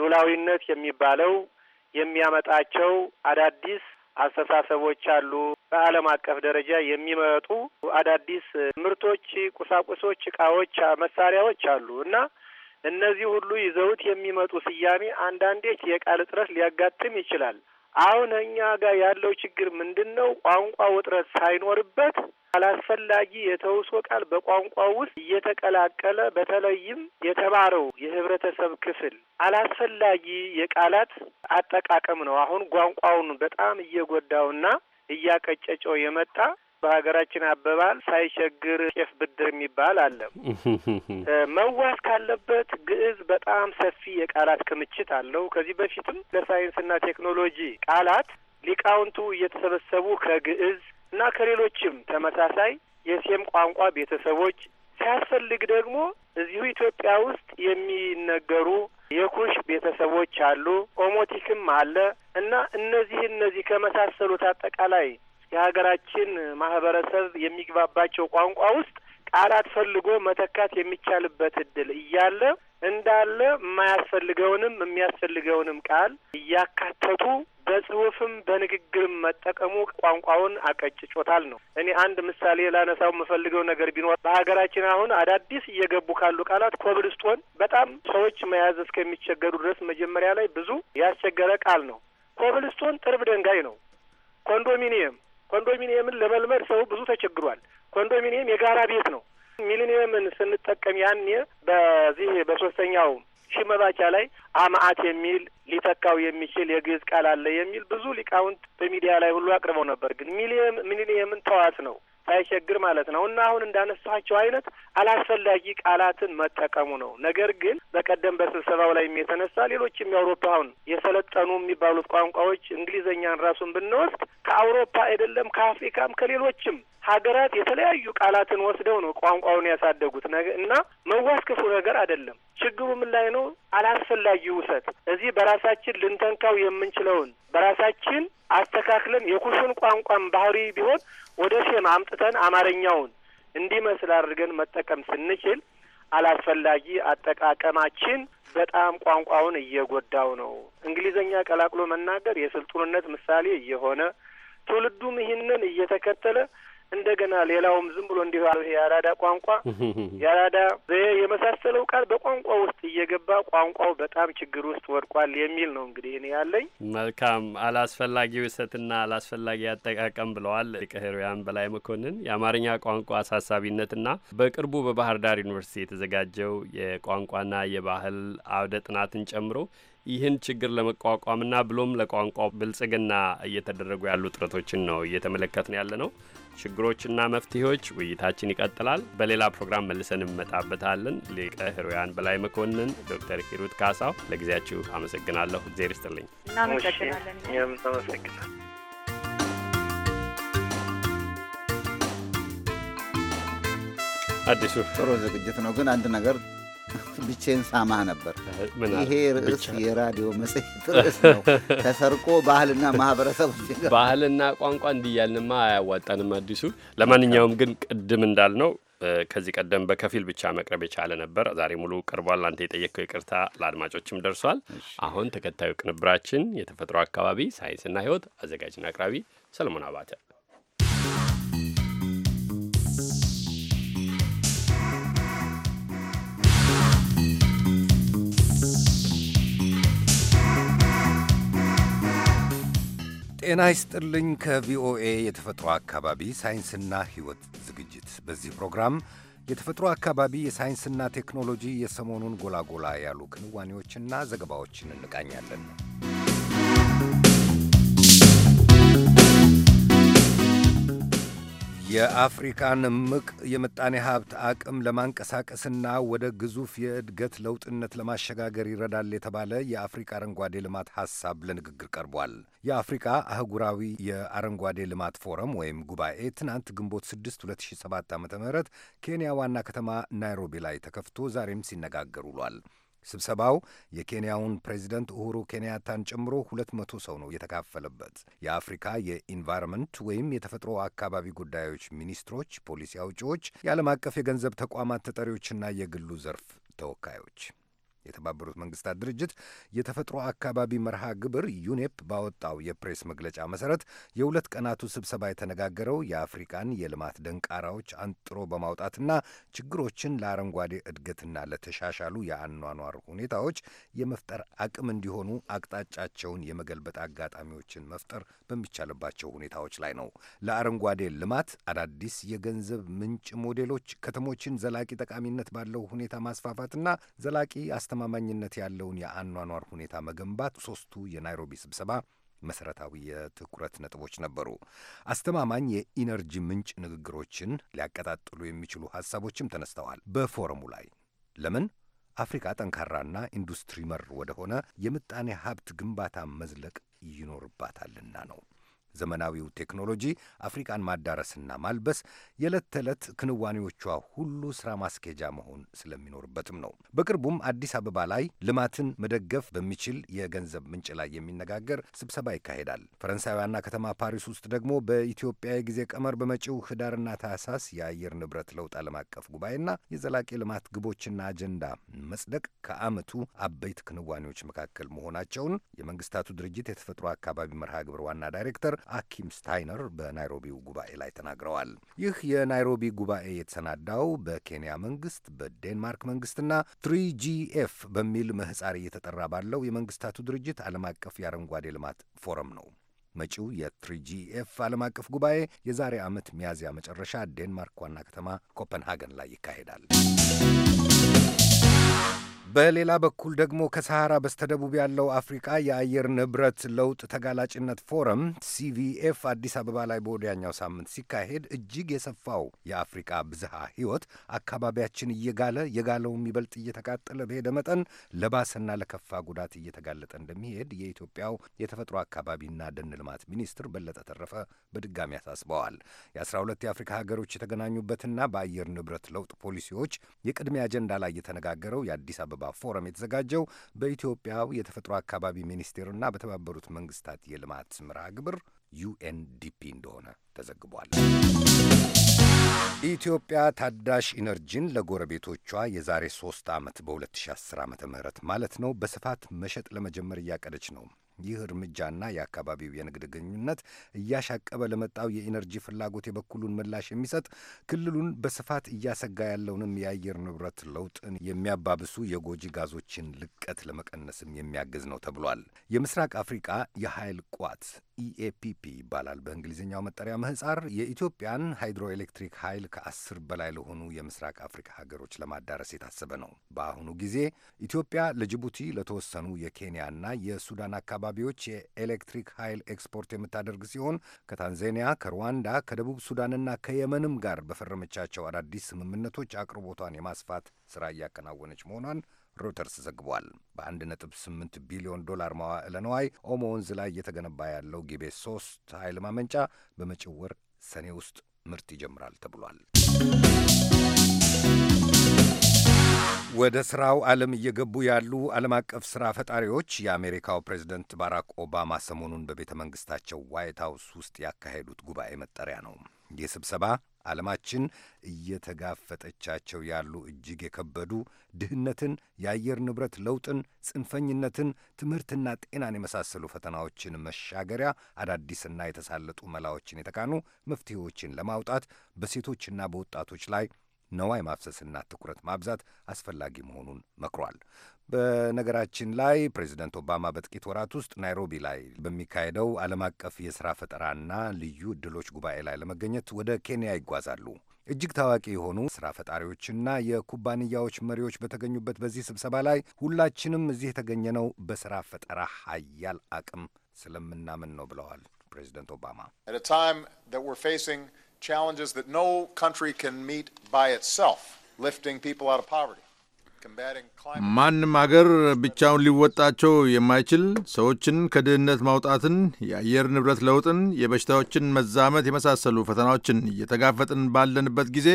ሉላዊነት የሚባለው የሚያመጣቸው አዳዲስ አስተሳሰቦች አሉ። በዓለም አቀፍ ደረጃ የሚመጡ አዳዲስ ምርቶች፣ ቁሳቁሶች፣ እቃዎች፣ መሳሪያዎች አሉ እና እነዚህ ሁሉ ይዘውት የሚመጡ ስያሜ አንዳንዴች የቃል እጥረት ሊያጋጥም ይችላል። አሁን እኛ ጋር ያለው ችግር ምንድን ነው? ቋንቋ ውጥረት ሳይኖርበት አላስፈላጊ የተውሶ ቃል በቋንቋ ውስጥ እየተቀላቀለ በተለይም የተማረው የህብረተሰብ ክፍል አላስፈላጊ የቃላት አጠቃቀም ነው አሁን ቋንቋውን በጣም እየጎዳውና እያቀጨጨው የመጣ በሀገራችን አበባል ሳይቸግር ጤፍ ብድር የሚባል አለ። መዋስ ካለበት ግዕዝ በጣም ሰፊ የቃላት ክምችት አለው። ከዚህ በፊትም ለሳይንስና ቴክኖሎጂ ቃላት ሊቃውንቱ እየተሰበሰቡ ከግዕዝ እና ከሌሎችም ተመሳሳይ የሴም ቋንቋ ቤተሰቦች ሲያስፈልግ ደግሞ እዚሁ ኢትዮጵያ ውስጥ የሚነገሩ የኩሽ ቤተሰቦች አሉ። ኦሞቲክም አለ እና እነዚህ እነዚህ ከመሳሰሉት አጠቃላይ የሀገራችን ማህበረሰብ የሚግባባቸው ቋንቋ ውስጥ ቃላት ፈልጎ መተካት የሚቻልበት እድል እያለ እንዳለ የማያስፈልገውንም የሚያስፈልገውንም ቃል እያካተቱ በጽሁፍም በንግግርም መጠቀሙ ቋንቋውን አቀጭጮታል ነው። እኔ አንድ ምሳሌ ላነሳው የምፈልገው ነገር ቢኖር በሀገራችን አሁን አዳዲስ እየገቡ ካሉ ቃላት ኮብልስቶን በጣም ሰዎች መያዝ እስከሚቸገሩ ድረስ መጀመሪያ ላይ ብዙ ያስቸገረ ቃል ነው። ኮብልስቶን ጥርብ ድንጋይ ነው። ኮንዶሚኒየም ኮንዶሚኒየምን ለመልመድ ሰው ብዙ ተቸግሯል። ኮንዶሚኒየም የጋራ ቤት ነው። ሚሊኒየምን ስንጠቀም ያኔ በዚህ በሶስተኛው ሺህ መባቻ ላይ አማአት የሚል ሊተካው የሚችል የግዕዝ ቃል አለ የሚል ብዙ ሊቃውንት በሚዲያ ላይ ሁሉ አቅርበው ነበር። ግን ሚሊየም ሚሊኒየምን ተዋት ነው ሳይቸግር ማለት ነው እና አሁን እንዳነሳቸው አይነት አላስፈላጊ ቃላትን መጠቀሙ ነው። ነገር ግን በቀደም በስብሰባው ላይም የተነሳ ሌሎችም የአውሮፓውን የሰለጠኑ የሚባሉት ቋንቋዎች እንግሊዝኛን ራሱን ብንወስድ ከአውሮፓ አይደለም ከአፍሪካም ከሌሎችም ሀገራት የተለያዩ ቃላትን ወስደው ነው ቋንቋውን ያሳደጉት እና መዋስ ክፉ ነገር አይደለም። ችግሩ ምን ላይ ነው? አላስፈላጊ ውሰት እዚህ በራሳችን ልንተንካው የምንችለውን በራሳችን አስተካክለን የኩሹን ቋንቋን ባህሪ ቢሆን ወደ ሼም አምጥተን አማርኛውን እንዲመስል አድርገን መጠቀም ስንችል አላስፈላጊ አጠቃቀማችን በጣም ቋንቋውን እየጎዳው ነው። እንግሊዘኛ ቀላቅሎ መናገር የስልጡንነት ምሳሌ እየሆነ ትውልዱም ይህንን እየተከተለ እንደገና ሌላውም ዝም ብሎ እንዲሁ የአራዳ ቋንቋ የአራዳ ዘዬ የመሳሰለው ቃል በቋንቋ ውስጥ እየገባ ቋንቋው በጣም ችግር ውስጥ ወድቋል የሚል ነው እንግዲህ እኔ ያለኝ። መልካም አላስፈላጊ ውሰትና አላስፈላጊ አጠቃቀም ብለዋል ቀሄሮያን በላይ መኮንን። የአማርኛ ቋንቋ አሳሳቢነትና በቅርቡ በባህር ዳር ዩኒቨርሲቲ የተዘጋጀው የቋንቋና የባህል አውደ ጥናትን ጨምሮ ይህን ችግር ለመቋቋምና ብሎም ለቋንቋ ብልጽግና እየተደረጉ ያሉ ጥረቶችን ነው እየተመለከትን ያለ ነው። ችግሮችና መፍትሄዎች ውይይታችን ይቀጥላል። በሌላ ፕሮግራም መልሰን እንመጣበታለን። ሊቀ ሕሩያን በላይ መኮንን፣ ዶክተር ሂሩት ካሳው ለጊዜያችሁ አመሰግናለሁ። እግዜር ይስጥልኝ። አዲሱ ጥሩ ዝግጅት ነው። ግን አንድ ነገር ብቼን ሳማ ነበር። ይሄ ርዕስ የራዲዮ መጽሔት ርዕስ ነው። ተሰርቆ ባህልና ማህበረሰብ ባህልና ቋንቋ እንዲያልንማ አያዋጣንም። አዲሱ ለማንኛውም ግን ቅድም እንዳልነው ከዚህ ቀደም በከፊል ብቻ መቅረብ የቻለ ነበር። ዛሬ ሙሉ ቀርቧል። አንተ የጠየቅከው ይቅርታ ለአድማጮችም ደርሷል። አሁን ተከታዩ ቅንብራችን የተፈጥሮ አካባቢ፣ ሳይንስና ሕይወት አዘጋጅና አቅራቢ ሰለሞን አባተ ጤና ይስጥልኝ። ከቪኦኤ የተፈጥሮ አካባቢ ሳይንስና ሕይወት ዝግጅት በዚህ ፕሮግራም የተፈጥሮ አካባቢ የሳይንስና ቴክኖሎጂ የሰሞኑን ጎላጎላ ያሉ ክንዋኔዎችና ዘገባዎችን እንቃኛለን። የአፍሪካን እምቅ የምጣኔ ሀብት አቅም ለማንቀሳቀስና ወደ ግዙፍ የእድገት ለውጥነት ለማሸጋገር ይረዳል የተባለ የአፍሪካ አረንጓዴ ልማት ሀሳብ ለንግግር ቀርቧል። የአፍሪካ አህጉራዊ የአረንጓዴ ልማት ፎረም ወይም ጉባኤ ትናንት ግንቦት 6 2007 ዓ ም ኬንያ ዋና ከተማ ናይሮቢ ላይ ተከፍቶ ዛሬም ሲነጋገር ውሏል። ስብሰባው የኬንያውን ፕሬዚደንት ኡሁሩ ኬንያታን ጨምሮ ሁለት መቶ ሰው ነው የተካፈለበት። የአፍሪካ የኢንቫይሮንመንት ወይም የተፈጥሮ አካባቢ ጉዳዮች ሚኒስትሮች፣ ፖሊሲ አውጪዎች፣ የዓለም አቀፍ የገንዘብ ተቋማት ተጠሪዎችና የግሉ ዘርፍ ተወካዮች የተባበሩት መንግስታት ድርጅት የተፈጥሮ አካባቢ መርሃ ግብር ዩኔፕ ባወጣው የፕሬስ መግለጫ መሰረት የሁለት ቀናቱ ስብሰባ የተነጋገረው የአፍሪቃን የልማት ደንቃራዎች አንጥሮ በማውጣትና ችግሮችን ለአረንጓዴ እድገትና ለተሻሻሉ የአኗኗር ሁኔታዎች የመፍጠር አቅም እንዲሆኑ አቅጣጫቸውን የመገልበጥ አጋጣሚዎችን መፍጠር በሚቻልባቸው ሁኔታዎች ላይ ነው። ለአረንጓዴ ልማት አዳዲስ የገንዘብ ምንጭ ሞዴሎች፣ ከተሞችን ዘላቂ ጠቃሚነት ባለው ሁኔታ ማስፋፋትና ዘላቂ አስተማማኝነት ያለውን የአኗኗር ሁኔታ መገንባት ሶስቱ የናይሮቢ ስብሰባ መሰረታዊ የትኩረት ነጥቦች ነበሩ። አስተማማኝ የኢነርጂ ምንጭ ንግግሮችን ሊያቀጣጥሉ የሚችሉ ሀሳቦችም ተነስተዋል። በፎረሙ ላይ ለምን አፍሪካ ጠንካራና ኢንዱስትሪ መር ወደሆነ የምጣኔ ሀብት ግንባታ መዝለቅ ይኖርባታልና ነው። ዘመናዊው ቴክኖሎጂ አፍሪቃን ማዳረስና ማልበስ የዕለት ተዕለት ክንዋኔዎቿ ሁሉ ሥራ ማስኬጃ መሆን ስለሚኖርበትም ነው። በቅርቡም አዲስ አበባ ላይ ልማትን መደገፍ በሚችል የገንዘብ ምንጭ ላይ የሚነጋገር ስብሰባ ይካሄዳል። ፈረንሳይ ከተማ ፓሪስ ውስጥ ደግሞ በኢትዮጵያ የጊዜ ቀመር በመጪው ህዳርና ታህሳስ የአየር ንብረት ለውጥ ዓለም አቀፍ ጉባኤና የዘላቂ ልማት ግቦችና አጀንዳ መጽደቅ ከዓመቱ አበይት ክንዋኔዎች መካከል መሆናቸውን የመንግስታቱ ድርጅት የተፈጥሮ አካባቢ መርሃ ግብር ዋና ዳይሬክተር አኪም ስታይነር በናይሮቢው ጉባኤ ላይ ተናግረዋል። ይህ የናይሮቢ ጉባኤ የተሰናዳው በኬንያ መንግስት፣ በዴንማርክ መንግስትና ትሪጂኤፍ በሚል ምህጻር እየተጠራ ባለው የመንግስታቱ ድርጅት ዓለም አቀፍ የአረንጓዴ ልማት ፎረም ነው። መጪው የትሪጂኤፍ ዓለም አቀፍ ጉባኤ የዛሬ ዓመት ሚያዝያ መጨረሻ ዴንማርክ ዋና ከተማ ኮፐንሃገን ላይ ይካሄዳል። በሌላ በኩል ደግሞ ከሰሃራ በስተደቡብ ያለው አፍሪቃ የአየር ንብረት ለውጥ ተጋላጭነት ፎረም ሲቪኤፍ አዲስ አበባ ላይ በወዲያኛው ሳምንት ሲካሄድ እጅግ የሰፋው የአፍሪቃ ብዝሃ ሕይወት አካባቢያችን እየጋለ የጋለውም ይበልጥ እየተቃጠለ በሄደ መጠን ለባሰና ለከፋ ጉዳት እየተጋለጠ እንደሚሄድ የኢትዮጵያው የተፈጥሮ አካባቢና ደን ልማት ሚኒስትር በለጠ ተረፈ በድጋሚ አሳስበዋል። የአስራ ሁለት የአፍሪካ ሀገሮች የተገናኙበትና በአየር ንብረት ለውጥ ፖሊሲዎች የቅድሚያ አጀንዳ ላይ የተነጋገረው የአዲስ አበባ አበባ ፎረም የተዘጋጀው በኢትዮጵያው የተፈጥሮ አካባቢ ሚኒስቴርና በተባበሩት መንግስታት የልማት ምርሃ ግብር ዩኤንዲፒ እንደሆነ ተዘግቧል። ኢትዮጵያ ታዳሽ ኢነርጂን ለጎረቤቶቿ የዛሬ ሶስት ዓመት በ2010 ዓ ም ማለት ነው በስፋት መሸጥ ለመጀመር እያቀደች ነው። ይህ እርምጃና የአካባቢው የንግድ ግንኙነት እያሻቀበ ለመጣው የኢነርጂ ፍላጎት የበኩሉን ምላሽ የሚሰጥ ክልሉን በስፋት እያሰጋ ያለውንም የአየር ንብረት ለውጥን የሚያባብሱ የጎጂ ጋዞችን ልቀት ለመቀነስም የሚያግዝ ነው ተብሏል። የምስራቅ አፍሪቃ የኃይል ቋት ኢኤፒፒ e ይባላል በእንግሊዝኛው መጠሪያ ምህጻር የኢትዮጵያን ሃይድሮኤሌክትሪክ ኃይል ከአስር በላይ ለሆኑ የምስራቅ አፍሪካ ሀገሮች ለማዳረስ የታሰበ ነው። በአሁኑ ጊዜ ኢትዮጵያ ለጅቡቲ፣ ለተወሰኑ የኬንያና የሱዳን አካባቢ አካባቢዎች የኤሌክትሪክ ኃይል ኤክስፖርት የምታደርግ ሲሆን ከታንዛኒያ፣ ከሩዋንዳ፣ ከደቡብ ሱዳንና ከየመንም ጋር በፈረመቻቸው አዳዲስ ስምምነቶች አቅርቦቷን የማስፋት ስራ እያከናወነች መሆኗን ሮይተርስ ዘግቧል። በ1.8 ቢሊዮን ዶላር መዋዕለ ነዋይ ኦሞ ወንዝ ላይ እየተገነባ ያለው ጊቤ ሶስት ኃይል ማመንጫ በመጪው ወር ሰኔ ውስጥ ምርት ይጀምራል ተብሏል። ወደ ስራው ዓለም እየገቡ ያሉ ዓለም አቀፍ ስራ ፈጣሪዎች የአሜሪካው ፕሬዚደንት ባራክ ኦባማ ሰሞኑን በቤተ መንግስታቸው ዋይት ሀውስ ውስጥ ያካሄዱት ጉባኤ መጠሪያ ነው። ይህ ስብሰባ ዓለማችን እየተጋፈጠቻቸው ያሉ እጅግ የከበዱ ድህነትን፣ የአየር ንብረት ለውጥን፣ ጽንፈኝነትን፣ ትምህርትና ጤናን የመሳሰሉ ፈተናዎችን መሻገሪያ አዳዲስና የተሳለጡ መላዎችን የተካኑ መፍትሄዎችን ለማውጣት በሴቶችና በወጣቶች ላይ ነዋይ ማፍሰስና ትኩረት ማብዛት አስፈላጊ መሆኑን መክሯል። በነገራችን ላይ ፕሬዚደንት ኦባማ በጥቂት ወራት ውስጥ ናይሮቢ ላይ በሚካሄደው ዓለም አቀፍ የሥራ ፈጠራና ልዩ ዕድሎች ጉባኤ ላይ ለመገኘት ወደ ኬንያ ይጓዛሉ። እጅግ ታዋቂ የሆኑ ስራ ፈጣሪዎችና የኩባንያዎች መሪዎች በተገኙበት በዚህ ስብሰባ ላይ ሁላችንም እዚህ የተገኘነው በስራ ፈጠራ ሀያል አቅም ስለምናምን ነው ብለዋል ፕሬዚደንት ኦባማ። challenges that no country can meet by itself, lifting people out of poverty. ማንም አገር ብቻውን ሊወጣቸው የማይችል ሰዎችን ከድህነት ማውጣትን፣ የአየር ንብረት ለውጥን፣ የበሽታዎችን መዛመት የመሳሰሉ ፈተናዎችን እየተጋፈጥን ባለንበት ጊዜ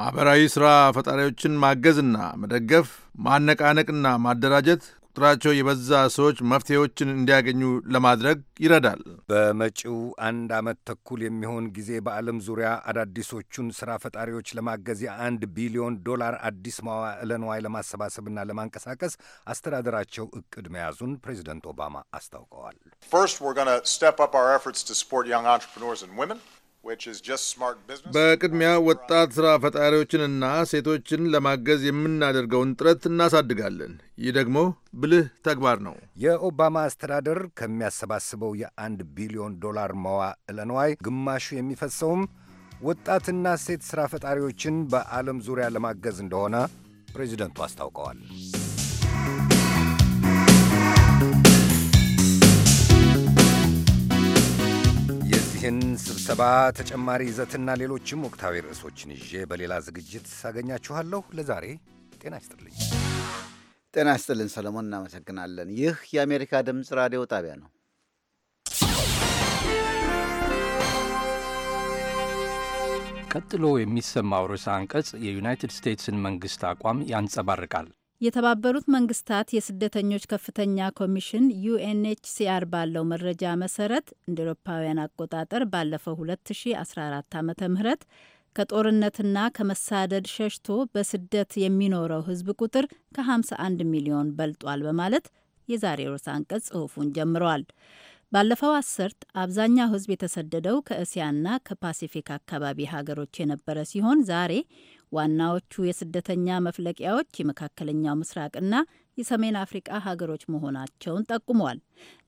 ማኅበራዊ ሥራ ፈጣሪዎችን ማገዝና መደገፍ፣ ማነቃነቅና ማደራጀት ቁጥራቸው የበዛ ሰዎች መፍትሄዎችን እንዲያገኙ ለማድረግ ይረዳል። በመጪው አንድ ዓመት ተኩል የሚሆን ጊዜ በዓለም ዙሪያ አዳዲሶቹን ሥራ ፈጣሪዎች ለማገዝ የአንድ ቢሊዮን ዶላር አዲስ መዋዕለ ንዋይ ለማሰባሰብና ለማንቀሳቀስ አስተዳደራቸው እቅድ መያዙን ፕሬዚደንት ኦባማ አስታውቀዋል። በቅድሚያ ወጣት ሥራ ፈጣሪዎችንና ሴቶችን ለማገዝ የምናደርገውን ጥረት እናሳድጋለን። ይህ ደግሞ ብልህ ተግባር ነው። የኦባማ አስተዳደር ከሚያሰባስበው የአንድ ቢሊዮን ዶላር መዋዕለ ንዋይ ግማሹ የሚፈሰውም ወጣትና ሴት ሥራ ፈጣሪዎችን በዓለም ዙሪያ ለማገዝ እንደሆነ ፕሬዚደንቱ አስታውቀዋል። የኮሚቴን ስብሰባ ተጨማሪ ይዘትና ሌሎችም ወቅታዊ ርዕሶችን ይዤ በሌላ ዝግጅት ሳገኛችኋለሁ። ለዛሬ ጤና ይስጥልኝ። ጤና ይስጥልን ሰለሞን፣ እናመሰግናለን። ይህ የአሜሪካ ድምፅ ራዲዮ ጣቢያ ነው። ቀጥሎ የሚሰማው ርዕሰ አንቀጽ የዩናይትድ ስቴትስን መንግሥት አቋም ያንጸባርቃል። የተባበሩት መንግስታት የስደተኞች ከፍተኛ ኮሚሽን ዩኤንኤችሲአር ባለው መረጃ መሰረት እንደ ኤሮፓውያን አቆጣጠር ባለፈው 2014 ዓ ም ከጦርነትና ከመሳደድ ሸሽቶ በስደት የሚኖረው ህዝብ ቁጥር ከ51 ሚሊዮን በልጧል በማለት የዛሬ ርዕሰ አንቀጽ ጽሑፉን ጀምሯል። ባለፈው አስርት አብዛኛው ህዝብ የተሰደደው ከእስያና ከፓሲፊክ አካባቢ ሀገሮች የነበረ ሲሆን ዛሬ ዋናዎቹ የስደተኛ መፍለቂያዎች የመካከለኛው ምስራቅና የሰሜን አፍሪቃ ሀገሮች መሆናቸውን ጠቁሟል።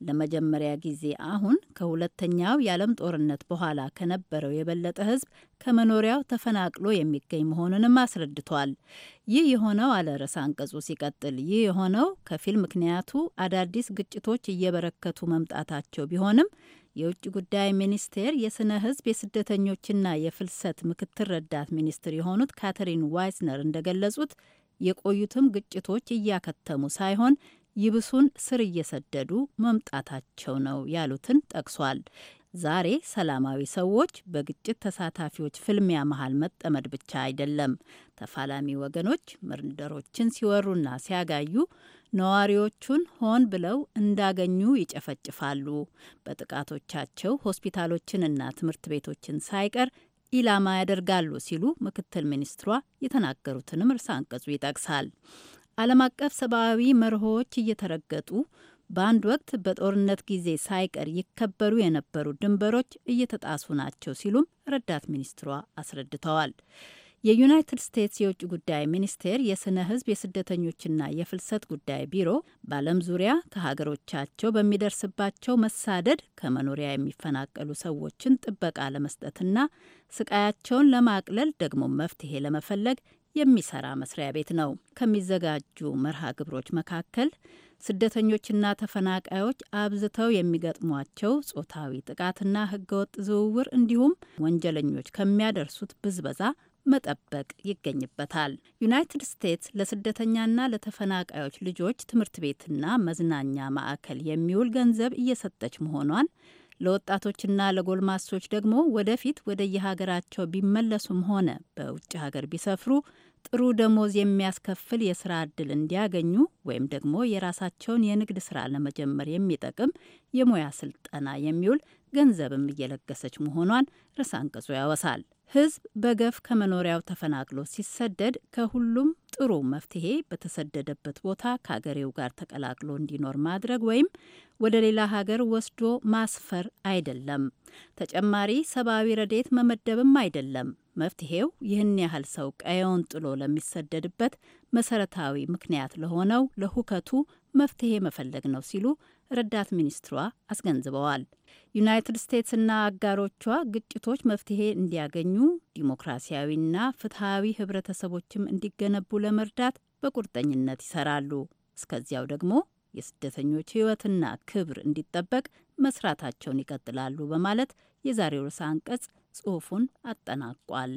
ለመጀመሪያ ጊዜ አሁን ከሁለተኛው የዓለም ጦርነት በኋላ ከነበረው የበለጠ ሕዝብ ከመኖሪያው ተፈናቅሎ የሚገኝ መሆኑንም አስረድቷል። ይህ የሆነው አለ ርዕሰ አንቀጹ ሲቀጥል፣ ይህ የሆነው ከፊል ምክንያቱ አዳዲስ ግጭቶች እየበረከቱ መምጣታቸው ቢሆንም የውጭ ጉዳይ ሚኒስቴር የስነ ህዝብ የስደተኞችና የፍልሰት ምክትል ረዳት ሚኒስትር የሆኑት ካተሪን ዋይስነር እንደገለጹት የቆዩትም ግጭቶች እያከተሙ ሳይሆን ይብሱን ስር እየሰደዱ መምጣታቸው ነው ያሉትን ጠቅሷል። ዛሬ ሰላማዊ ሰዎች በግጭት ተሳታፊዎች ፍልሚያ መሀል መጠመድ ብቻ አይደለም። ተፋላሚ ወገኖች መንደሮችን ሲወሩና ሲያጋዩ ነዋሪዎቹን ሆን ብለው እንዳገኙ ይጨፈጭፋሉ። በጥቃቶቻቸው ሆስፒታሎችንና ትምህርት ቤቶችን ሳይቀር ኢላማ ያደርጋሉ ሲሉ ምክትል ሚኒስትሯ የተናገሩትንም እርሳ አንቀጹ ይጠቅሳል። ዓለም አቀፍ ሰብአዊ መርሆዎች እየተረገጡ በአንድ ወቅት በጦርነት ጊዜ ሳይቀር ይከበሩ የነበሩ ድንበሮች እየተጣሱ ናቸው ሲሉም ረዳት ሚኒስትሯ አስረድተዋል። የዩናይትድ ስቴትስ የውጭ ጉዳይ ሚኒስቴር የስነ ህዝብ የስደተኞችና የፍልሰት ጉዳይ ቢሮ በዓለም ዙሪያ ከሀገሮቻቸው በሚደርስባቸው መሳደድ ከመኖሪያ የሚፈናቀሉ ሰዎችን ጥበቃ ለመስጠትና ስቃያቸውን ለማቅለል ደግሞ መፍትሄ ለመፈለግ የሚሰራ መስሪያ ቤት ነው። ከሚዘጋጁ መርሃ ግብሮች መካከል ስደተኞችና ተፈናቃዮች አብዝተው የሚገጥሟቸው ጾታዊ ጥቃትና ህገወጥ ዝውውር እንዲሁም ወንጀለኞች ከሚያደርሱት ብዝበዛ መጠበቅ ይገኝበታል። ዩናይትድ ስቴትስ ለስደተኛና ለተፈናቃዮች ልጆች ትምህርት ቤትና መዝናኛ ማዕከል የሚውል ገንዘብ እየሰጠች መሆኗን ለወጣቶችና ለጎልማሶች ደግሞ ወደፊት ወደየሀገራቸው ቢመለሱም ሆነ በውጭ ሀገር ቢሰፍሩ ጥሩ ደሞዝ የሚያስከፍል የስራ እድል እንዲያገኙ ወይም ደግሞ የራሳቸውን የንግድ ስራ ለመጀመር የሚጠቅም የሙያ ስልጠና የሚውል ገንዘብም እየለገሰች መሆኗን ርዕሰ አንቀጹ ያወሳል። ህዝብ በገፍ ከመኖሪያው ተፈናቅሎ ሲሰደድ ከሁሉም ጥሩ መፍትሄ በተሰደደበት ቦታ ከአገሬው ጋር ተቀላቅሎ እንዲኖር ማድረግ ወይም ወደ ሌላ ሀገር ወስዶ ማስፈር አይደለም። ተጨማሪ ሰብአዊ ረዴት መመደብም አይደለም። መፍትሄው ይህን ያህል ሰው ቀየውን ጥሎ ለሚሰደድበት መሰረታዊ ምክንያት ለሆነው ለሁከቱ መፍትሄ መፈለግ ነው ሲሉ ረዳት ሚኒስትሯ አስገንዝበዋል። ዩናይትድ ስቴትስና አጋሮቿ ግጭቶች መፍትሄ እንዲያገኙ ዲሞክራሲያዊና ፍትሐዊ ህብረተሰቦችም እንዲገነቡ ለመርዳት በቁርጠኝነት ይሰራሉ። እስከዚያው ደግሞ የስደተኞች ህይወትና ክብር እንዲጠበቅ መስራታቸውን ይቀጥላሉ በማለት የዛሬው ርዕሰ አንቀጽ ጽሑፉን አጠናቋል።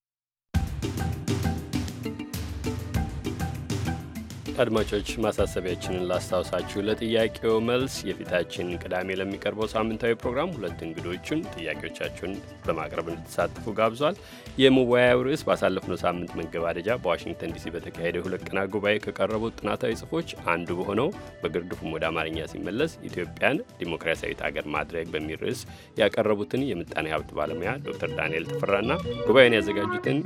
አድማጮች ማሳሰቢያችንን ላስታውሳችሁ። ለጥያቄው መልስ የፊታችን ቅዳሜ ለሚቀርበው ሳምንታዊ ፕሮግራም ሁለት እንግዶቹን ጥያቄዎቻችሁን በማቅረብ እንድትሳትፉ ጋብዟል። የመወያያው ርዕስ ባሳለፍነው ሳምንት መገባደጃ በዋሽንግተን ዲሲ በተካሄደ ሁለት ቀናት ጉባኤ ከቀረቡት ጥናታዊ ጽሁፎች አንዱ በሆነው በግርድፉም ወደ አማርኛ ሲመለስ ኢትዮጵያን ዲሞክራሲያዊት ሀገር ማድረግ በሚል ርዕስ ያቀረቡትን የምጣኔ ሀብት ባለሙያ ዶክተር ዳንኤል ተፈራና ጉባኤን ያዘጋጁትን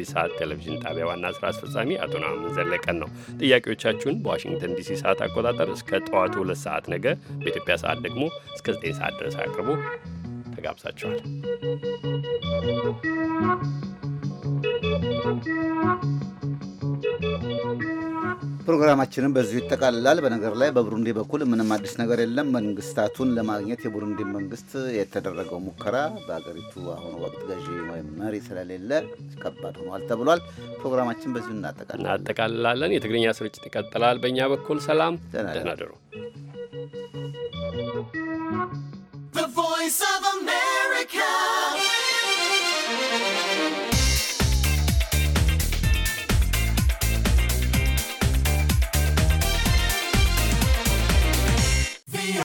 የሰዓት ቴሌቪዥን ጣቢያ ዋና ስራ አስፈጻሚ አቶ ነአምን ዘለቀን ነው። ጥያቄዎቻችሁን በዋሽንግተን ዲሲ ሰዓት አቆጣጠር እስከ ጠዋቱ ሁለት ሰዓት ነገ በኢትዮጵያ ሰዓት ደግሞ እስከ ዘጠኝ ሰዓት ድረስ አቅርቦ ተጋብዛችኋል። ፕሮግራማችንም በዚሁ ይጠቃልላል። በነገር ላይ በቡሩንዲ በኩል ምንም አዲስ ነገር የለም። መንግስታቱን ለማግኘት የቡሩንዲ መንግስት የተደረገው ሙከራ በሀገሪቱ አሁኑ ወቅት ገዢ ወይም መሪ ስለሌለ ከባድ ሆኗል ተብሏል። ፕሮግራማችን በዚሁ እናጠቃልላለን። የትግርኛ ስርጭት ይቀጥላል። በእኛ በኩል ሰላም፣ ደህና ደሩ። voice of America